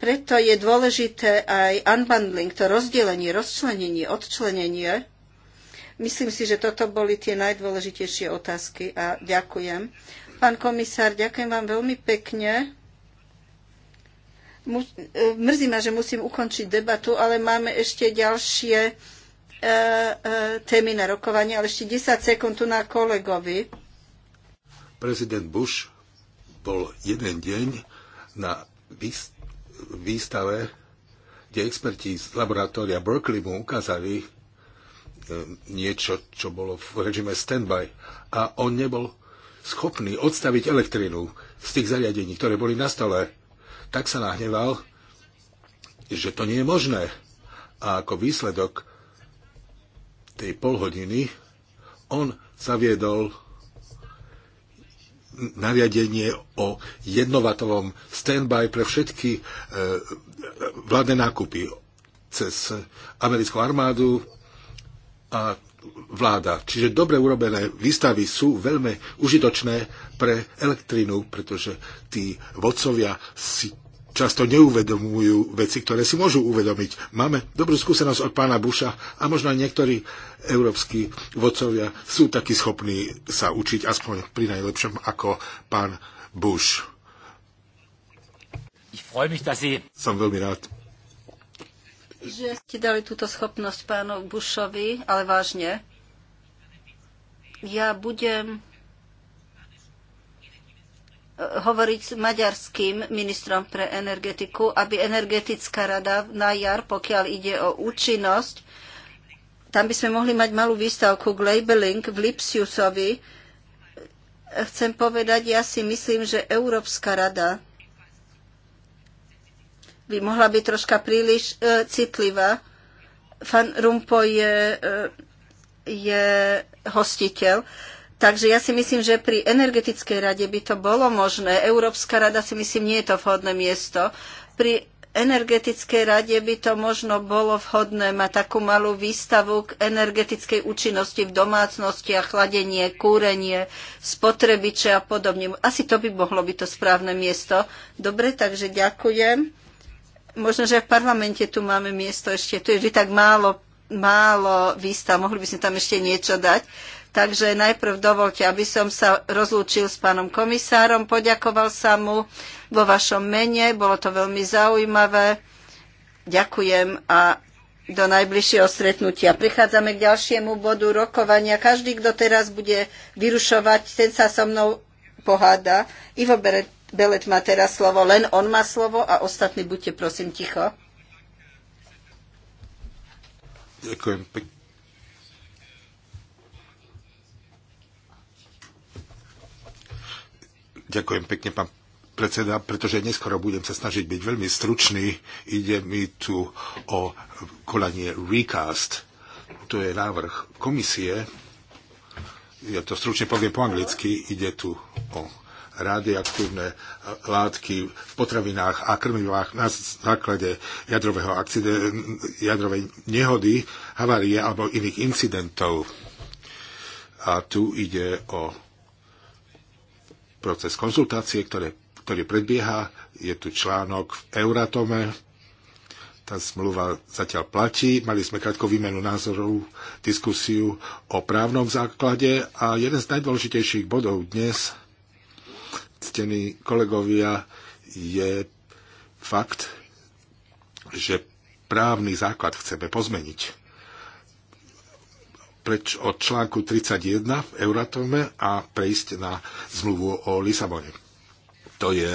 preto je dôležité aj unbundling, to rozdelenie, rozčlenenie, odčlenenie. Myslím si, že toto boli tie najdôležitejšie otázky a ďakujem. Pán komisár, ďakujem vám veľmi pekne. E, mrzí ma, že musím ukončiť debatu, ale máme ešte ďalšie e, e, témy na rokovanie, ale ešte 10 sekúnd tu na kolegovi. Prezident Bush bol jeden deň na výstave, kde experti z laboratória Berkeley mu ukázali niečo, čo bolo v režime standby a on nebol schopný odstaviť elektrínu z tých zariadení, ktoré boli na stole tak sa nahneval, že to nie je možné. A ako výsledok tej polhodiny on zaviedol nariadenie o jednovatovom standby pre všetky e, vládne nákupy cez americkú armádu a vláda. Čiže dobre urobené výstavy sú veľmi užitočné pre elektrinu, pretože tí vodcovia si často neuvedomujú veci, ktoré si môžu uvedomiť. Máme dobrú skúsenosť od pána Buša a možno aj niektorí európsky vodcovia sú takí schopní sa učiť, aspoň pri najlepšom, ako pán Bush. Som veľmi rád, že ste dali túto schopnosť pánu Bušovi, ale vážne. Ja budem eh, hovoriť s maďarským ministrom pre energetiku, aby energetická rada na jar, pokiaľ ide o účinnosť, tam by sme mohli mať malú výstavku k labeling v Lipsiusovi. Chcem povedať, ja si myslím, že Európska rada by mohla byť troška príliš e, citlivá. Fan Rumpo je, e, je hostiteľ. Takže ja si myslím, že pri energetickej rade by to bolo možné. Európska rada si myslím, nie je to vhodné miesto. Pri energetickej rade by to možno bolo vhodné mať takú malú výstavu k energetickej účinnosti v domácnosti a chladenie, kúrenie, spotrebiče a podobne. Asi to by mohlo byť to správne miesto. Dobre, takže ďakujem. Možno, že v parlamente tu máme miesto ešte, tu je vždy tak málo, málo výstav, mohli by sme tam ešte niečo dať. Takže najprv dovolte, aby som sa rozlúčil s pánom komisárom, poďakoval sa mu vo vašom mene, bolo to veľmi zaujímavé. Ďakujem a do najbližšieho stretnutia. Prichádzame k ďalšiemu bodu rokovania. Každý, kto teraz bude vyrušovať, ten sa so mnou poháda. Ivo Beret Belet má teraz slovo, len on má slovo a ostatní buďte prosím ticho. Ďakujem pekne. Ďakujem pekne, pán predseda, pretože neskoro budem sa snažiť byť veľmi stručný. Ide mi tu o kolanie recast. To je návrh komisie. Ja to stručne poviem po anglicky. Ide tu o radioaktívne e, látky v potravinách a krmivách na základe jadrového jadrovej nehody, havárie alebo iných incidentov. A tu ide o proces konzultácie, ktoré, ktorý predbieha. Je tu článok v Euratome, tá smluva zatiaľ platí. Mali sme krátko výmenu názorov, diskusiu o právnom základe a jeden z najdôležitejších bodov dnes ctení kolegovia, je fakt, že právny základ chceme pozmeniť preč od článku 31 v Euratome a prejsť na zmluvu o Lisabone. To je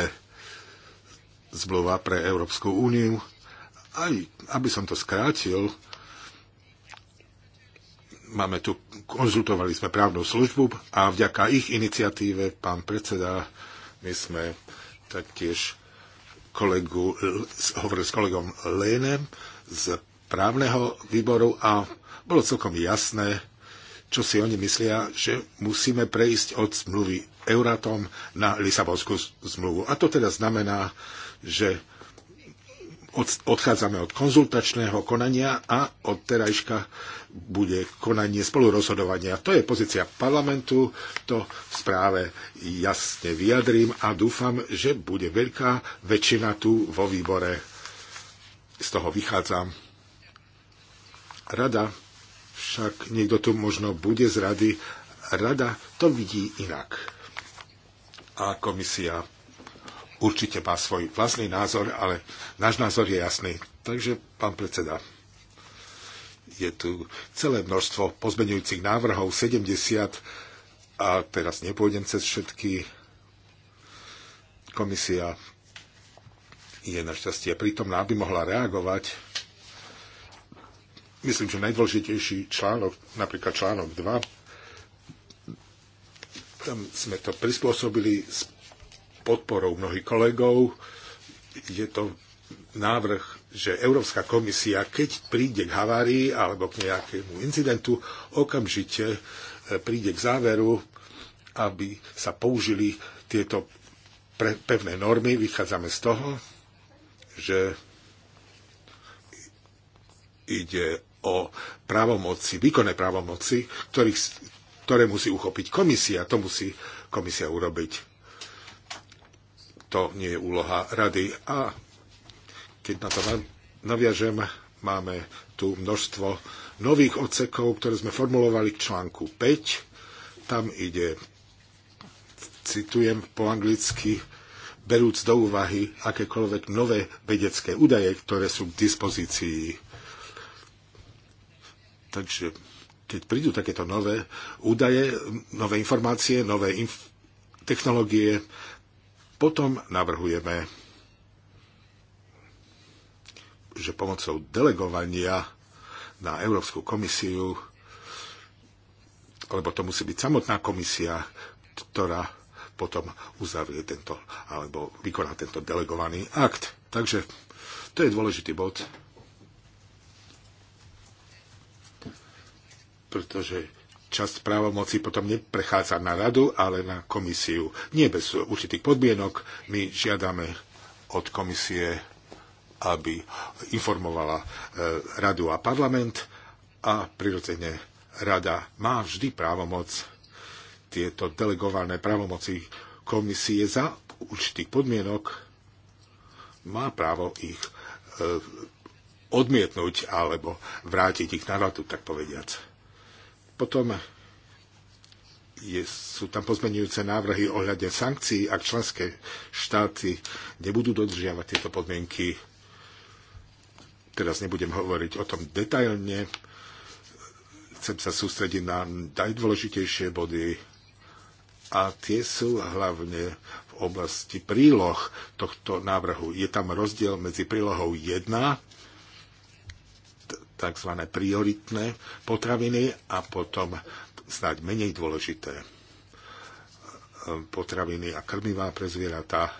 zmluva pre Európsku úniu. Aj, aby som to skrátil, máme tu, konzultovali sme právnu službu a vďaka ich iniciatíve pán predseda my sme taktiež kolegu, hovorili s kolegom Lénem z právneho výboru a bolo celkom jasné, čo si oni myslia, že musíme prejsť od zmluvy Euratom na Lisabonskú zmluvu. A to teda znamená, že odchádzame od konzultačného konania a od terajška bude konanie spolurozhodovania. To je pozícia parlamentu, to v správe jasne vyjadrím a dúfam, že bude veľká väčšina tu vo výbore. Z toho vychádzam. Rada, však niekto tu možno bude z rady, rada to vidí inak. A komisia určite má svoj vlastný názor, ale náš názor je jasný. Takže, pán predseda, je tu celé množstvo pozmeňujúcich návrhov, 70, a teraz nepôjdem cez všetky. Komisia je našťastie prítomná, aby mohla reagovať. Myslím, že najdôležitejší článok, napríklad článok 2, tam sme to prispôsobili s podporou mnohých kolegov. Je to návrh, že Európska komisia, keď príde k havárii alebo k nejakému incidentu, okamžite e, príde k záveru, aby sa použili tieto pre, pevné normy. Vychádzame z toho, že ide o právomoci, výkonné právomoci, ktorých, ktoré musí uchopiť komisia. To musí komisia urobiť to nie je úloha rady. A keď na to naviažem, máme tu množstvo nových odsekov, ktoré sme formulovali k článku 5. Tam ide, citujem po anglicky, berúc do úvahy akékoľvek nové vedecké údaje, ktoré sú k dispozícii. Takže keď prídu takéto nové údaje, nové informácie, nové inf- technológie, potom navrhujeme, že pomocou delegovania na Európsku komisiu, lebo to musí byť samotná komisia, ktorá potom uzavrie tento, alebo vykoná tento delegovaný akt. Takže to je dôležitý bod, pretože časť právomoci potom neprechádza na radu, ale na komisiu. Nie bez určitých podmienok. My žiadame od komisie, aby informovala e, radu a parlament a prirodzene rada má vždy právomoc tieto delegované právomoci komisie za určitých podmienok má právo ich e, odmietnúť alebo vrátiť ich na radu, tak povediac. Potom je, sú tam pozmenujúce návrhy ohľade sankcií, ak členské štáty nebudú dodržiavať tieto podmienky. Teraz nebudem hovoriť o tom detailne. Chcem sa sústrediť na najdôležitejšie body a tie sú hlavne v oblasti príloh tohto návrhu. Je tam rozdiel medzi prílohou 1 tzv. prioritné potraviny a potom snáď menej dôležité e, potraviny a krmivá pre zvieratá.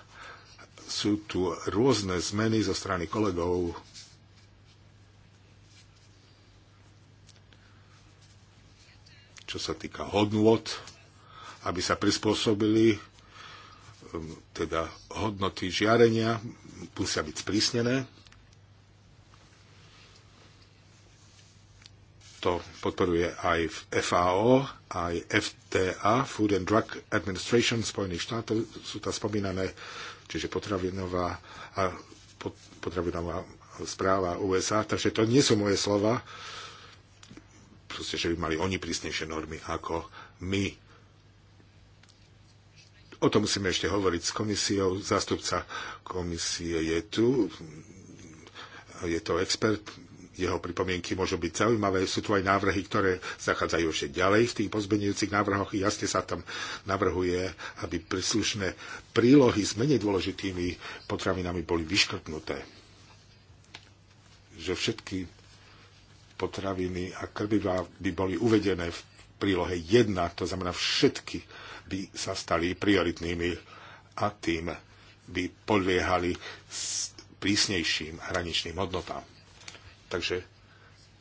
Sú tu rôzne zmeny zo strany kolegov. Čo sa týka hodnot, aby sa prispôsobili, e, teda hodnoty žiarenia musia byť sprísnené to podporuje aj FAO, aj FTA, Food and Drug Administration Spojených štátov, sú tam spomínané, čiže potravinová a potravinová správa USA, takže to nie sú moje slova, proste, že by mali oni prísnejšie normy ako my. O tom musíme ešte hovoriť s komisiou. Zástupca komisie je tu. Je to expert jeho pripomienky môžu byť zaujímavé. Sú tu aj návrhy, ktoré zachádzajú ešte ďalej. V tých pozmeňujúcich návrhoch jasne sa tam navrhuje, aby príslušné prílohy s menej dôležitými potravinami boli vyškrtnuté. Že všetky potraviny a krbiva by boli uvedené v prílohe 1, to znamená všetky by sa stali prioritnými a tým by podliehali prísnejším hraničným hodnotám. Takže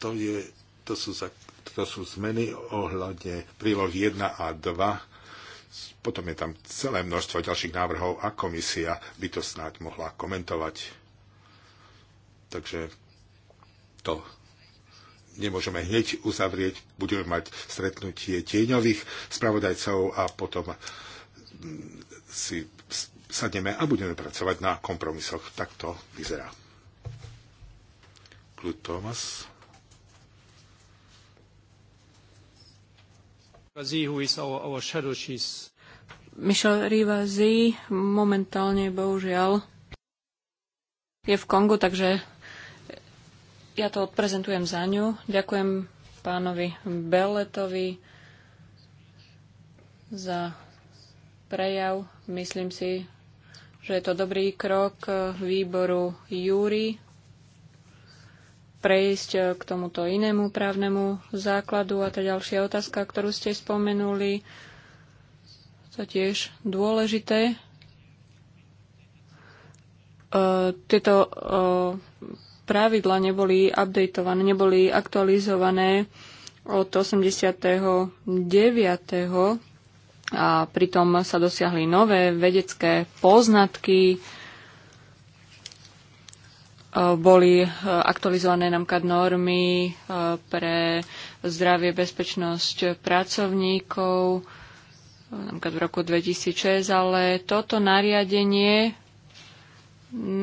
to, je, to, sú, za, to sú zmeny ohľadne príloh 1 a 2. Potom je tam celé množstvo ďalších návrhov a komisia by to snáď mohla komentovať. Takže to nemôžeme hneď uzavrieť. Budeme mať stretnutie tieňových spravodajcov a potom mm, si sadneme a budeme pracovať na kompromisoch. Tak to vyzerá. Klud Thomas. Michel Rivazi momentálne, bohužiaľ, je v Kongu, takže ja to odprezentujem za ňu. Ďakujem pánovi Belletovi za prejav. Myslím si, že je to dobrý krok výboru Júri prejsť e, k tomuto inému právnemu základu a tá ďalšia otázka, ktorú ste spomenuli, to tiež dôležité. Uh, tieto uh, pravidla neboli updatované, neboli aktualizované od 89. a pritom sa dosiahli nové vedecké poznatky, Eh, boli eh, aktualizované namkad normy eh, pre zdravie, bezpečnosť pracovníkov, v roku 2006, ale toto nariadenie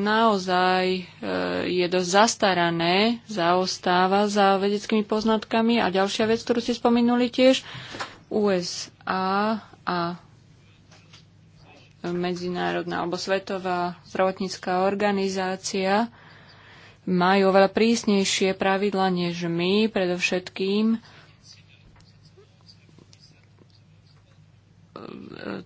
naozaj je dosť zastarané, zaostáva za vedeckými poznatkami. A ďalšia vec, ktorú ste spomenuli tiež, USA a medzinárodná alebo svetová zdravotnícká organizácia majú oveľa prísnejšie pravidla než my, predovšetkým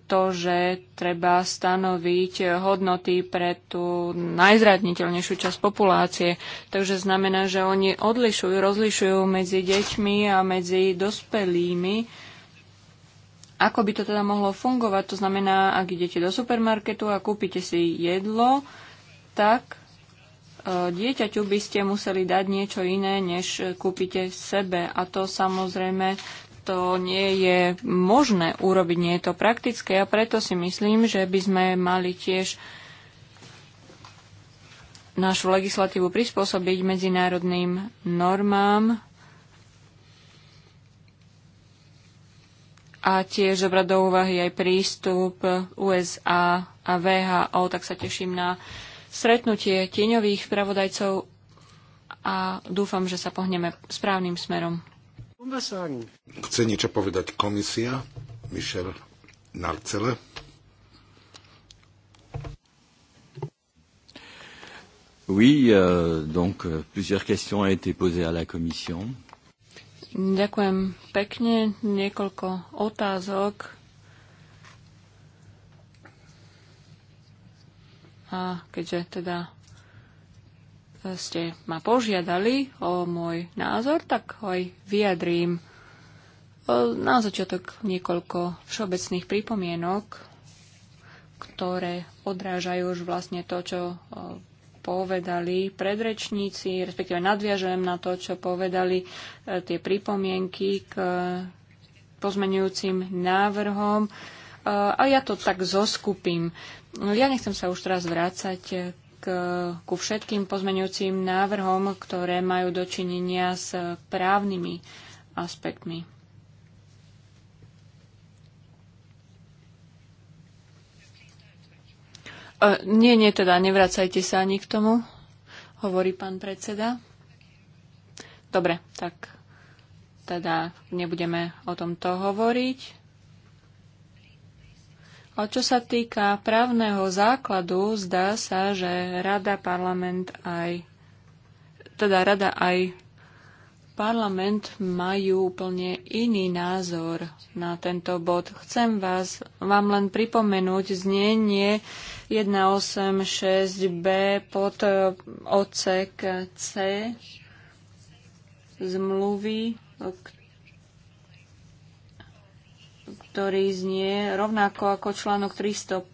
to, že treba stanoviť hodnoty pre tú najzradniteľnejšiu časť populácie. Takže znamená, že oni odlišujú, rozlišujú medzi deťmi a medzi dospelými. Ako by to teda mohlo fungovať? To znamená, ak idete do supermarketu a kúpite si jedlo, tak E, dieťaťu by ste museli dať niečo iné, než kúpite sebe. A to samozrejme to nie je možné urobiť, nie je to praktické a preto si myslím, že by sme mali tiež našu legislatívu prispôsobiť medzinárodným normám a tiež zobrať do úvahy aj prístup USA a VHO, tak sa teším na stretnutie tieňových spravodajcov a dúfam, že sa pohneme správnym smerom. Chce niečo povedať komisia? Michel Narcele. Oui, euh, donc euh, plusieurs questions ont été posées à la Commission. Ďakujem pekne. Niekoľko otázok A keďže teda e, ste ma požiadali o môj názor, tak ho aj vyjadrím. E, na začiatok niekoľko všeobecných pripomienok, ktoré odrážajú už vlastne to, čo e, povedali predrečníci, respektíve nadviažujem na to, čo povedali tie pripomienky k pozmenujúcim návrhom a ja to tak zoskupím. No, ja nechcem sa už teraz vrácať k, ku všetkým pozmeňujúcim návrhom, ktoré majú dočinenia s právnymi aspektmi. E, nie, nie, teda nevracajte sa ani k tomu, hovorí pán predseda. Dobre, tak teda nebudeme o tomto hovoriť. A čo sa týka právneho základu, zdá sa, že rada, parlament aj teda rada aj parlament majú úplne iný názor na tento bod. Chcem vás, vám len pripomenúť znenie 186b pod e, odsek C zmluvy, ktorý znie rovnako ako článok 305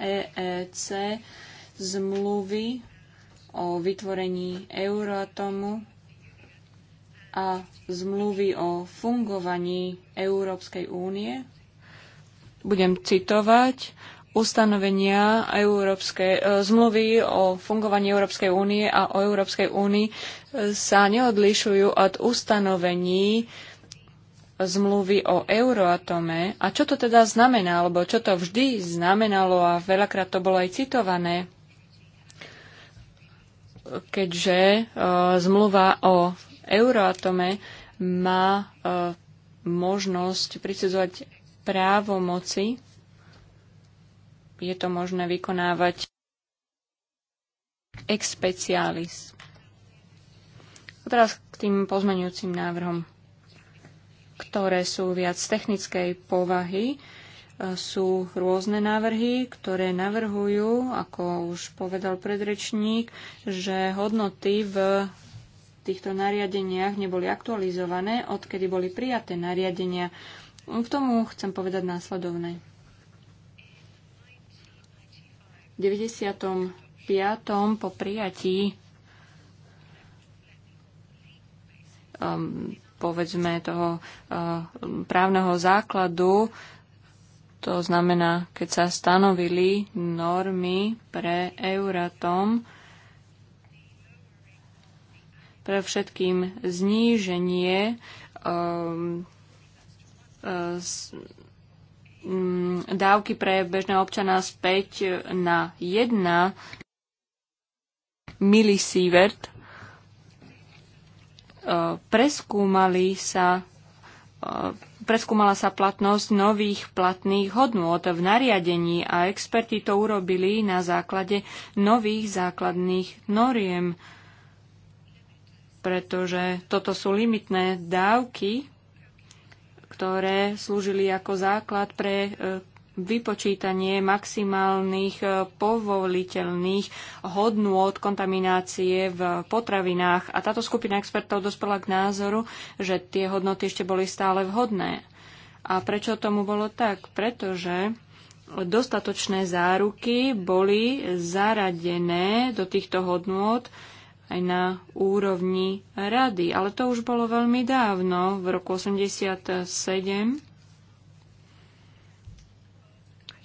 EEC zmluvy o vytvorení Euratomu a zmluvy o fungovaní Európskej únie. Budem citovať ustanovenia Európskej, e, zmluvy o fungovaní Európskej únie a o Európskej únii sa neodlišujú od ustanovení zmluvy o Euroatome a čo to teda znamená, alebo čo to vždy znamenalo a veľakrát to bolo aj citované, keďže uh, zmluva o Euroatome má uh, možnosť prisudzovať moci, Je to možné vykonávať ex specialis. A teraz k tým pozmenujúcim návrhom ktoré sú viac technickej povahy. E, sú rôzne návrhy, ktoré navrhujú, ako už povedal predrečník, že hodnoty v týchto nariadeniach neboli aktualizované, odkedy boli prijaté nariadenia. K tomu chcem povedať následovné. V 95. po prijatí um, povedzme toho eh, právneho základu, to znamená, keď sa stanovili normy pre Euratom, pre všetkým zníženie um, um, dávky pre bežného občana späť na 1 milisievert, preskúmali sa e, preskúmala sa platnosť nových platných hodnôt v nariadení a experti to urobili na základe nových základných noriem, pretože toto sú limitné dávky, ktoré slúžili ako základ pre e, vypočítanie maximálnych e, povoliteľných hodnôt kontaminácie v potravinách. A táto skupina expertov dospela k názoru, že tie hodnoty ešte boli stále vhodné. A prečo tomu bolo tak? Pretože dostatočné záruky boli zaradené do týchto hodnôt aj na úrovni rady. Ale to už bolo veľmi dávno, v roku 87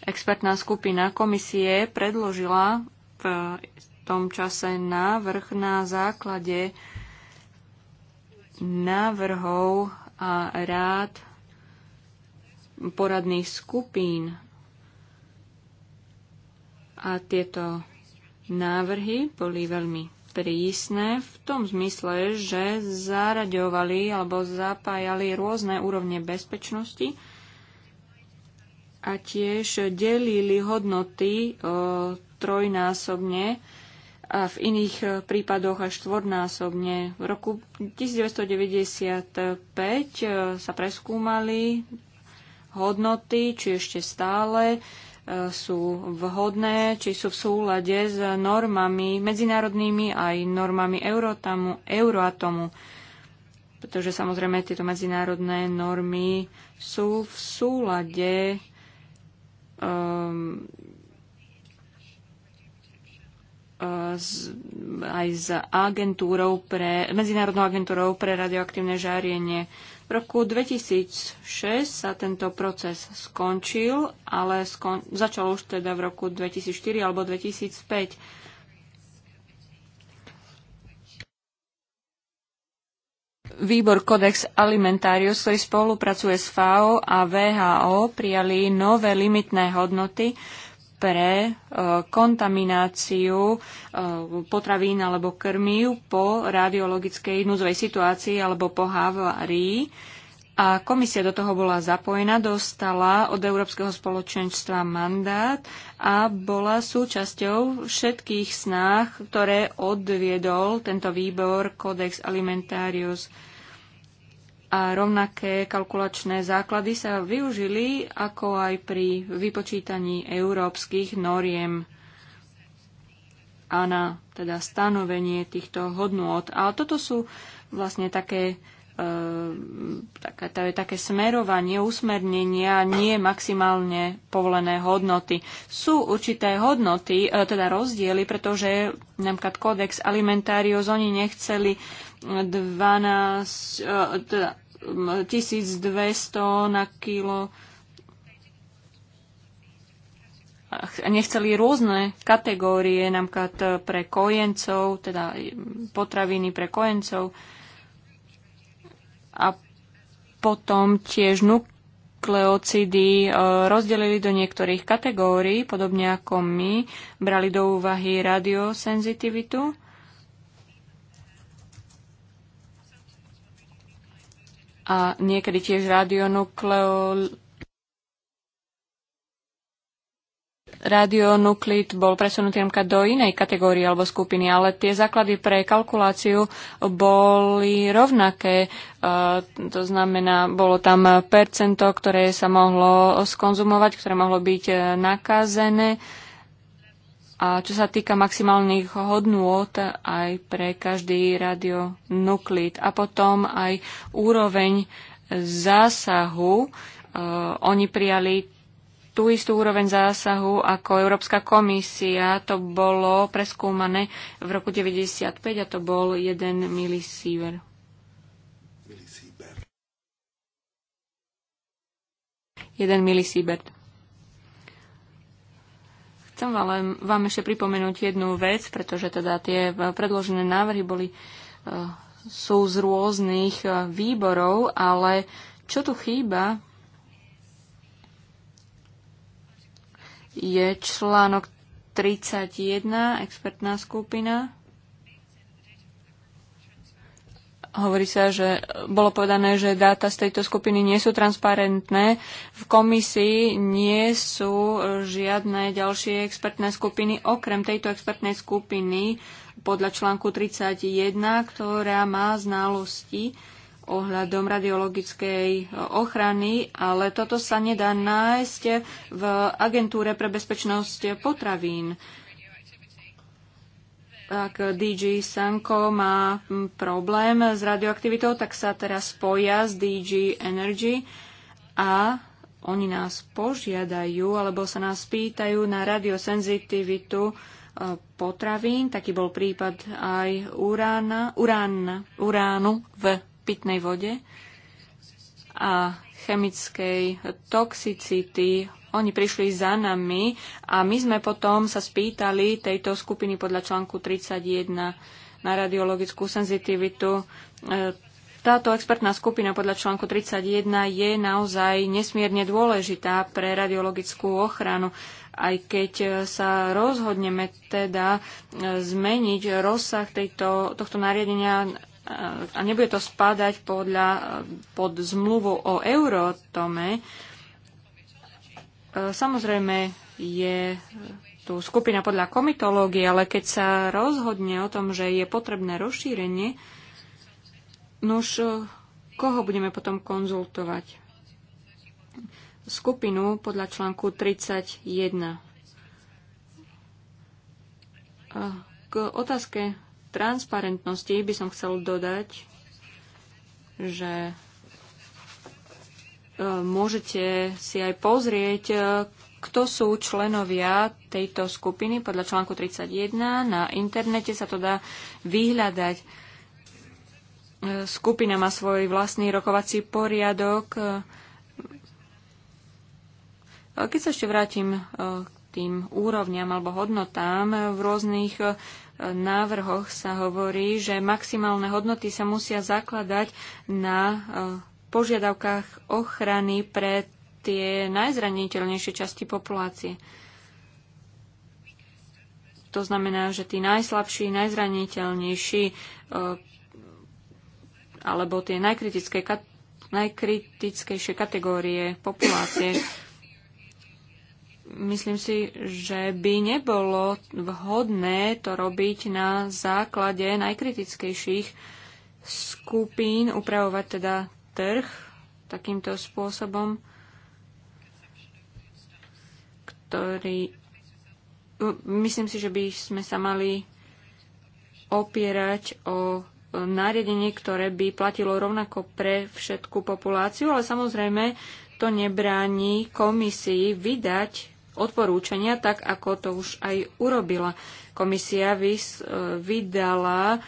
Expertná skupina komisie predložila v tom čase návrh na základe návrhov a rád poradných skupín. A tieto návrhy boli veľmi prísne v tom zmysle, že zaraďovali alebo zapájali rôzne úrovne bezpečnosti a tiež delili hodnoty e, trojnásobne a v iných e, prípadoch až štvornásobne. V roku 1995 e, sa preskúmali hodnoty, či ešte stále sú vhodné, či sú v súlade s normami medzinárodnými aj normami Eurotamu, Euroatomu. Pretože samozrejme tieto medzinárodné normy sú v súlade um, aj s agentúrou pre, Medzinárodnou agentúrou pre radioaktívne žárenie. V roku 2006 sa tento proces skončil, ale skon, začal už teda v roku 2004 alebo 2005. výbor Codex Alimentarius, ktorý spolupracuje s FAO a VHO, prijali nové limitné hodnoty pre e, kontamináciu e, potravín alebo krmív po radiologickej núzovej situácii alebo po havárii. A komisia do toho bola zapojená, dostala od Európskeho spoločenstva mandát a bola súčasťou všetkých snách, ktoré odviedol tento výbor Codex Alimentarius a rovnaké kalkulačné základy sa využili ako aj pri vypočítaní európskych noriem a na teda stanovenie týchto hodnôt. A toto sú vlastne také e, také, to je také smerovanie, usmernenia, nie maximálne povolené hodnoty. Sú určité hodnoty, e, teda rozdiely, pretože napríklad kódex alimentários, oni nechceli 12, e, teda 1200 na kilo. Nechceli rôzne kategórie, napríklad e, pre kojencov, teda e, potraviny pre kojencov a potom tiež nukleocidy rozdelili do niektorých kategórií, podobne ako my, brali do úvahy radiosenzitivitu a niekedy tiež radionukleo radionuklid bol presunutý napríklad do inej kategórie alebo skupiny, ale tie základy pre kalkuláciu boli rovnaké. E, to znamená, bolo tam percento, ktoré sa mohlo skonzumovať, ktoré mohlo byť e, nakazené a čo sa týka maximálnych hodnôt aj pre každý radionuklid a potom aj úroveň zásahu, e, oni prijali tú istú úroveň zásahu ako Európska komisia. To bolo preskúmané v roku 1995 a to bol 1 milisíver. Jeden milisíbert. Chcem vám ešte pripomenúť jednu vec, pretože teda tie e, predložené návrhy boli, e, sú z rôznych e, výborov, ale čo tu chýba, je článok 31, expertná skupina. Hovorí sa, že bolo povedané, že dáta z tejto skupiny nie sú transparentné. V komisii nie sú žiadne ďalšie expertné skupiny, okrem tejto expertnej skupiny podľa článku 31, ktorá má znalosti ohľadom radiologickej ochrany, ale toto sa nedá nájsť v agentúre pre bezpečnosť potravín ak DG Sanko má mm, problém s radioaktivitou, tak sa teraz spoja s DG Energy a oni nás požiadajú alebo sa nás pýtajú na radiosenzitivitu e, potravín. Taký bol prípad aj urána, urána, uránu v pitnej vode a chemickej toxicity oni prišli za nami a my sme potom sa spýtali tejto skupiny podľa článku 31 na radiologickú senzitivitu. E, táto expertná skupina podľa článku 31 je naozaj nesmierne dôležitá pre radiologickú ochranu. Aj keď sa rozhodneme teda e, zmeniť rozsah tejto, tohto nariadenia e, a nebude to spadať podľa, pod zmluvu o Eurotome, E, samozrejme je tu skupina podľa komitológie, ale keď sa rozhodne o tom, že je potrebné rozšírenie, už e, koho budeme potom konzultovať? Skupinu podľa článku 31. E, k otázke transparentnosti by som chcel dodať, že E, môžete si aj pozrieť, e, kto sú členovia tejto skupiny podľa článku 31. Na internete sa to dá vyhľadať. E, skupina má svoj vlastný rokovací poriadok. Keď sa ešte vrátim k tým úrovniam alebo hodnotám, v rôznych návrhoch sa hovorí, že maximálne hodnoty sa musia zakladať na požiadavkách ochrany pre tie najzraniteľnejšie časti populácie. To znamená, že tí najslabší, najzraniteľnejší e, alebo tie najkritické, najkritickejšie kategórie populácie myslím si, že by nebolo vhodné to robiť na základe najkritickejších skupín, upravovať teda trh takýmto spôsobom, ktorý no, myslím si, že by sme sa mali opierať o nariadenie, ktoré by platilo rovnako pre všetku populáciu, ale samozrejme to nebráni komisii vydať odporúčania, tak ako to už aj urobila. Komisia vys, vydala e,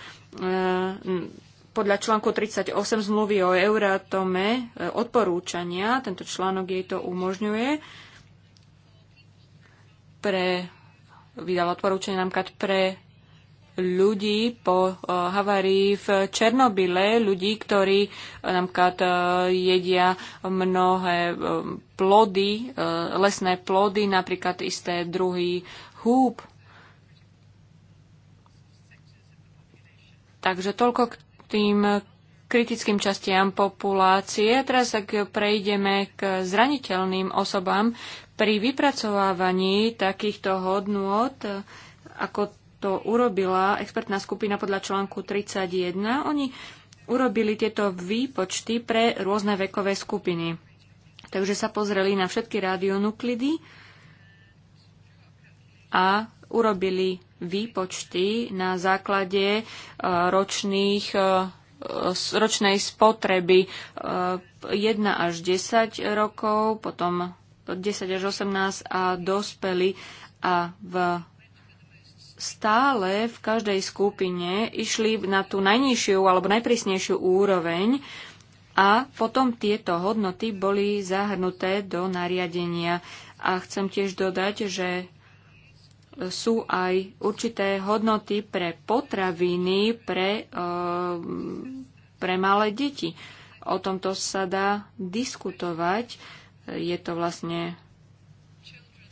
podľa článku 38 zmluvy o Euratome e, odporúčania, tento článok jej to umožňuje, pre, vydal odporúčanie napríklad pre ľudí po e, havárii v Černobyle, ľudí, ktorí e, napríklad jedia mnohé plody, lesné plody, napríklad isté druhý húb. Takže toľko k tým kritickým častiam populácie. Teraz ak prejdeme k zraniteľným osobám, pri vypracovávaní takýchto hodnôt, ako to urobila expertná skupina podľa článku 31, oni urobili tieto výpočty pre rôzne vekové skupiny. Takže sa pozreli na všetky radionuklidy a urobili výpočty na základe e, ročných e, ročnej spotreby 1 e, až 10 rokov, potom 10 až 18 a dospeli a v stále v každej skupine išli na tú najnižšiu alebo najprísnejšiu úroveň a potom tieto hodnoty boli zahrnuté do nariadenia. A chcem tiež dodať, že sú aj určité hodnoty pre potraviny pre, eh, pre malé deti. O tomto sa dá diskutovať. Je to vlastne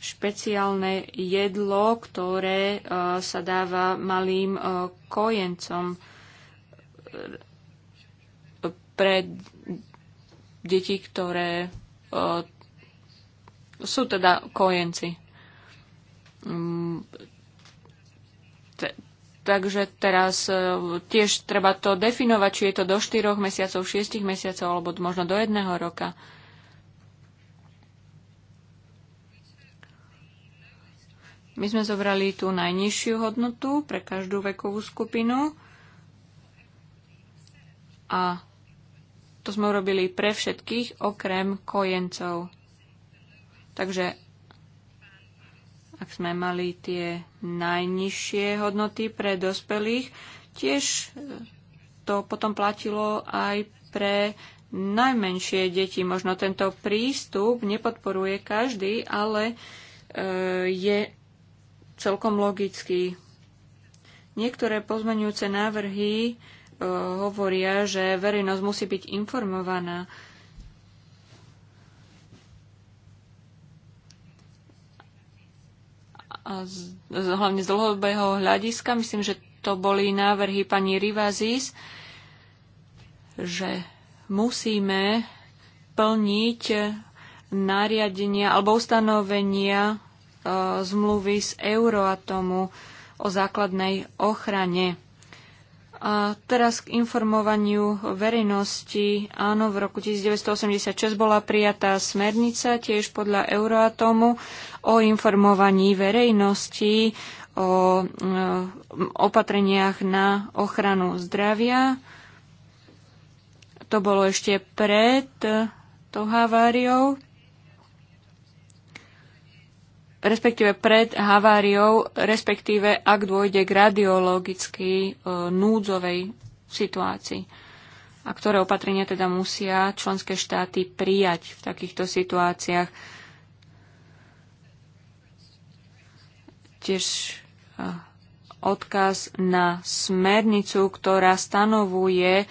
špeciálne jedlo, ktoré eh, sa dáva malým eh, kojencom pre deti, ktoré sú teda kojenci. Te, takže teraz e, tiež treba to definovať, či je to do 4 mesiacov, 6 mesiacov alebo možno do jedného roka. My sme zobrali tú najnižšiu hodnotu pre každú vekovú skupinu a to sme urobili pre všetkých okrem kojencov. Takže ak sme mali tie najnižšie hodnoty pre dospelých, tiež e, to potom platilo aj pre najmenšie deti. Možno tento prístup nepodporuje každý, ale e, je celkom logický. Niektoré pozmenujúce návrhy e, hovoria, že verejnosť musí byť informovaná. z, hlavne z dlhodobého hľadiska. Myslím, že to boli návrhy pani Rivazis, že musíme plniť nariadenia alebo ustanovenia e, zmluvy z Euroatomu o základnej ochrane a teraz k informovaniu verejnosti. Áno, v roku 1986 bola prijatá smernica tiež podľa Euroatomu o informovaní verejnosti o e, opatreniach na ochranu zdravia. To bolo ešte pred e, tou haváriou respektíve pred haváriou, respektíve ak dôjde k radiologicky e, núdzovej situácii. A ktoré opatrenia teda musia členské štáty prijať v takýchto situáciách. Tiež e, odkaz na smernicu, ktorá stanovuje e,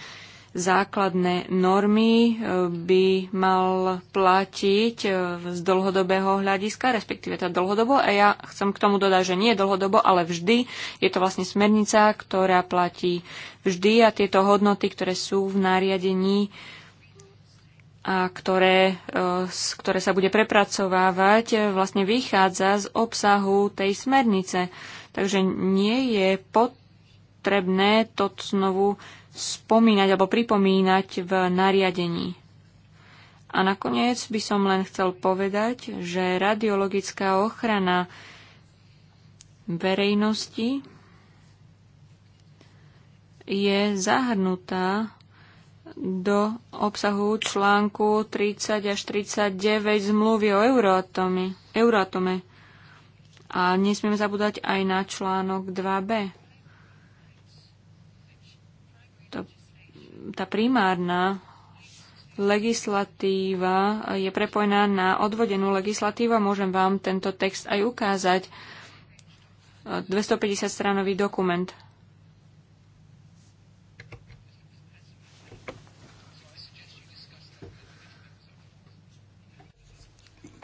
základné normy e, by mal platiť e, z dlhodobého hľadiska, respektíve tá teda dlhodobo. A ja chcem k tomu dodať, že nie dlhodobo, ale vždy. Je to vlastne smernica, ktorá platí vždy a tieto hodnoty, ktoré sú v nariadení a ktoré, e, ktoré sa bude prepracovávať, vlastne vychádza z obsahu tej smernice. Takže nie je potrebné to znovu spomínať alebo pripomínať v nariadení. A nakoniec by som len chcel povedať, že radiologická ochrana verejnosti je zahrnutá do obsahu článku 30 až 39 zmluvy o Euroatome. Euroatome. A nesmieme zabúdať aj na článok 2b. tá primárna legislatíva je prepojená na odvodenú legislatívu. a Môžem vám tento text aj ukázať. 250 stranový dokument.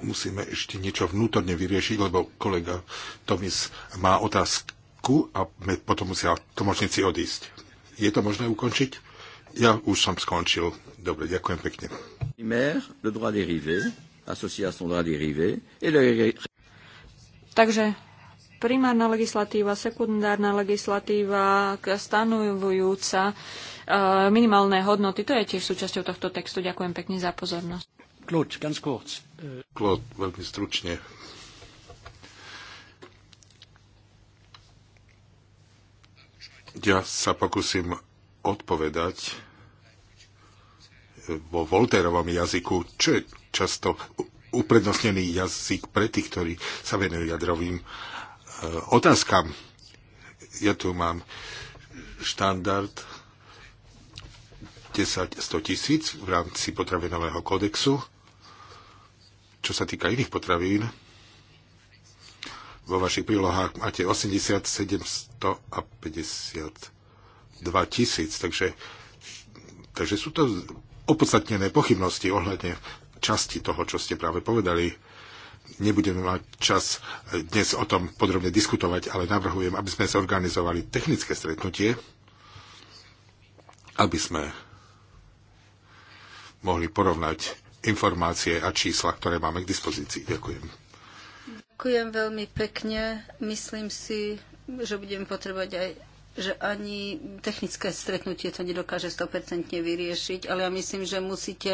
Musíme ešte niečo vnútorne vyriešiť, lebo kolega Tomis má otázku a potom musia tlmočníci odísť. Je to možné ukončiť? Ja už som skončil. Dobre, ďakujem pekne. Takže primárna legislatíva, sekundárna legislatíva, stanovujúca e, minimálne hodnoty, to je tiež súčasťou tohto textu. Ďakujem pekne za pozornosť. Claude, ganz kurz. Claude, veľmi stručne. Ja sa pokúsim odpovedať vo Volterovom jazyku, čo je často uprednostnený jazyk pre tých, ktorí sa venujú jadrovým e, otázkam. Ja tu mám štandard 10-100 tisíc v rámci potravinového kódexu. Čo sa týka iných potravín, vo vašich prílohách máte 80, 700 a 52 tisíc, takže, takže sú to opodstatnené pochybnosti ohľadne časti toho, čo ste práve povedali. Nebudeme mať čas dnes o tom podrobne diskutovať, ale navrhujem, aby sme zorganizovali technické stretnutie, aby sme mohli porovnať informácie a čísla, ktoré máme k dispozícii. Ďakujem. Ďakujem veľmi pekne. Myslím si, že budem potrebovať aj že ani technické stretnutie to nedokáže 100% vyriešiť, ale ja myslím, že musíte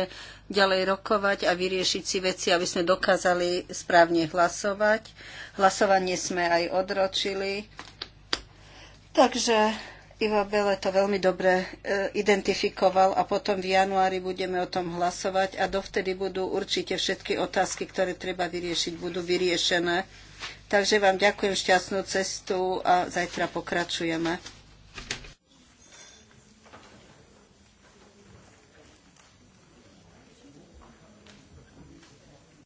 ďalej rokovať a vyriešiť si veci, aby sme dokázali správne hlasovať. Hlasovanie sme aj odročili. Takže Ivo Bele to veľmi dobre e, identifikoval a potom v januári budeme o tom hlasovať a dovtedy budú určite všetky otázky, ktoré treba vyriešiť, budú vyriešené Takže vám ďakujem šťastnú cestu a zajtra pokračujeme.